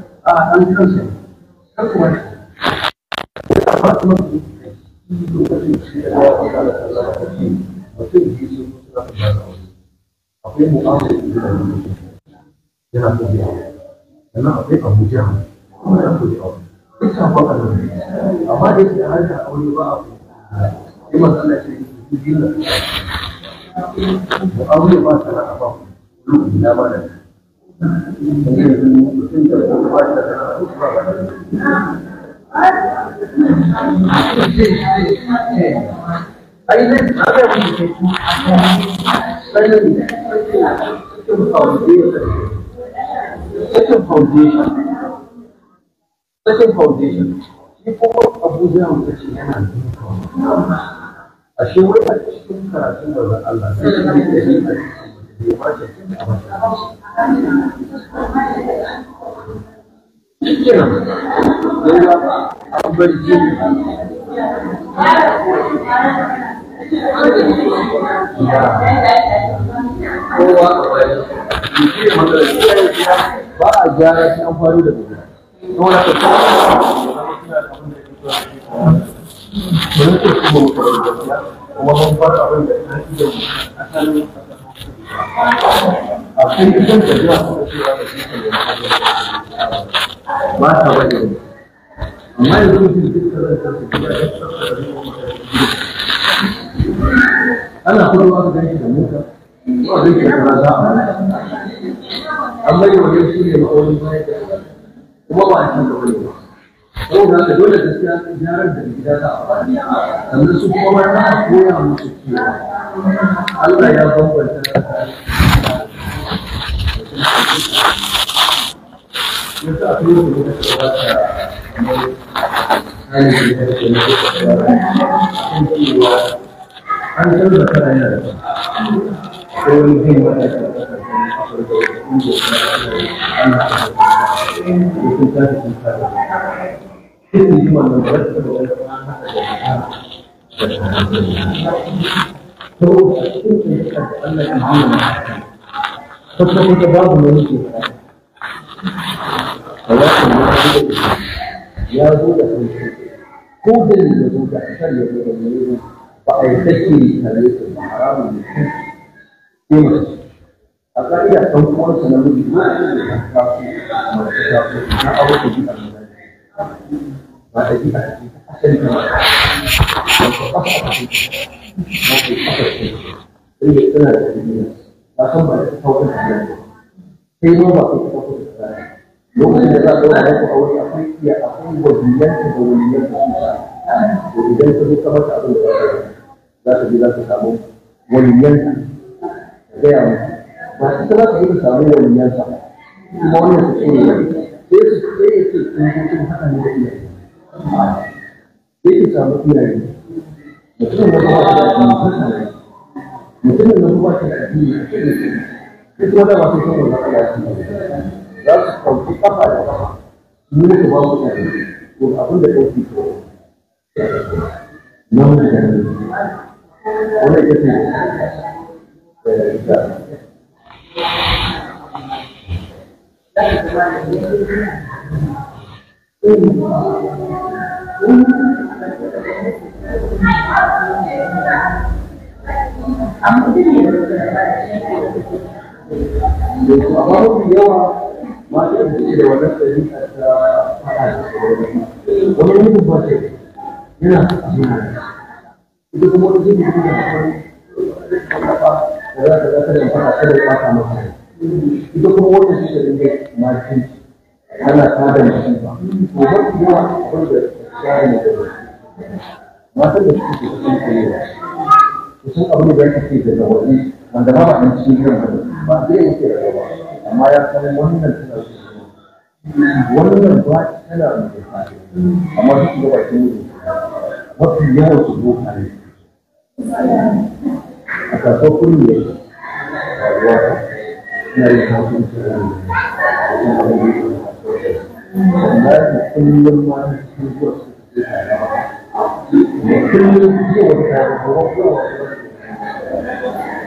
na akwai amma da ba a ce ba Aí, não abre a não a a a a a a a a ba a gyara shi amfani da gudu don wani ka kuma kuma kuma kuma akwai idan da zuwa suka ce ba da shi ke ba ta bane amma yanzu su ji karanta su ji ba ana kuma ba su gani da mota ba zai ke kara za a mana amma yi wajen su ne ma'aunin bayan da kuma ba a cikin da wani ba saboda haka dole ta gyaran da gida za a faɗi sannan su kuma ba za a koya musu kewa Allah ya bambanta yasa a lokacin da ta wata hali da ta ke kan cewa an canza kana yana da sai wani zai mana da Thank you. شروط الشرك المتقدم الدين فاتقوا التبادل من ولكن يا دولة كو دليل يقول أحسن يقول فأيتكي عليك الحرام من الحج في مصر أقل إذا تنقل سنمجد ما أنا أقول لك أنا أقول لك sai ma ba su kafa da lokacin da za a zauna muku aure akwai iya akwai waliyan da waliyan da su sa to idan ka zo ka mata abin da za ka je za ka samu waliyan ka gaya mu ba su ta za ka yi ka samu waliyan sa kuma wannan su ce ne sai su sai su sun itu sahabat dia ini. Mungkin membuat tidak tidak dimaksudkan. Itu ada waktu itu membuat tidak dimaksudkan. Ya, Lalu kita pada ini kebawahnya ini, aku tidak itu. Namun tidak oleh itu Thank you. amma mafi yawa masu yin suke da ba ita kuma wani jini da kuma shi mafi ana tada mutum ba to ba ku abin da tsari ne da mata da suke da sun kurewa kusan abin da ya ke da waje wanda ba a cikin gidan ba ba zai yake da ba. amma ya san wannan tana wannan ba tana da tsari amma duk da bakin mutum mafi yawan su zo a ne a kasuwar kullum ya rayuwa ina yin kasuwanci da wani والله كل ما نسيب وكل شيء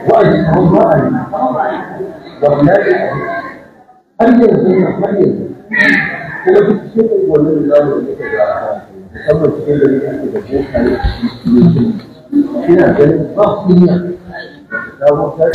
وأشهد الله والله هل يزن هل يزن ولو تشير ولا لا ولا تسمى الشيء الذي أنت تقول عليه هنا كلمة ضغط لا مختلف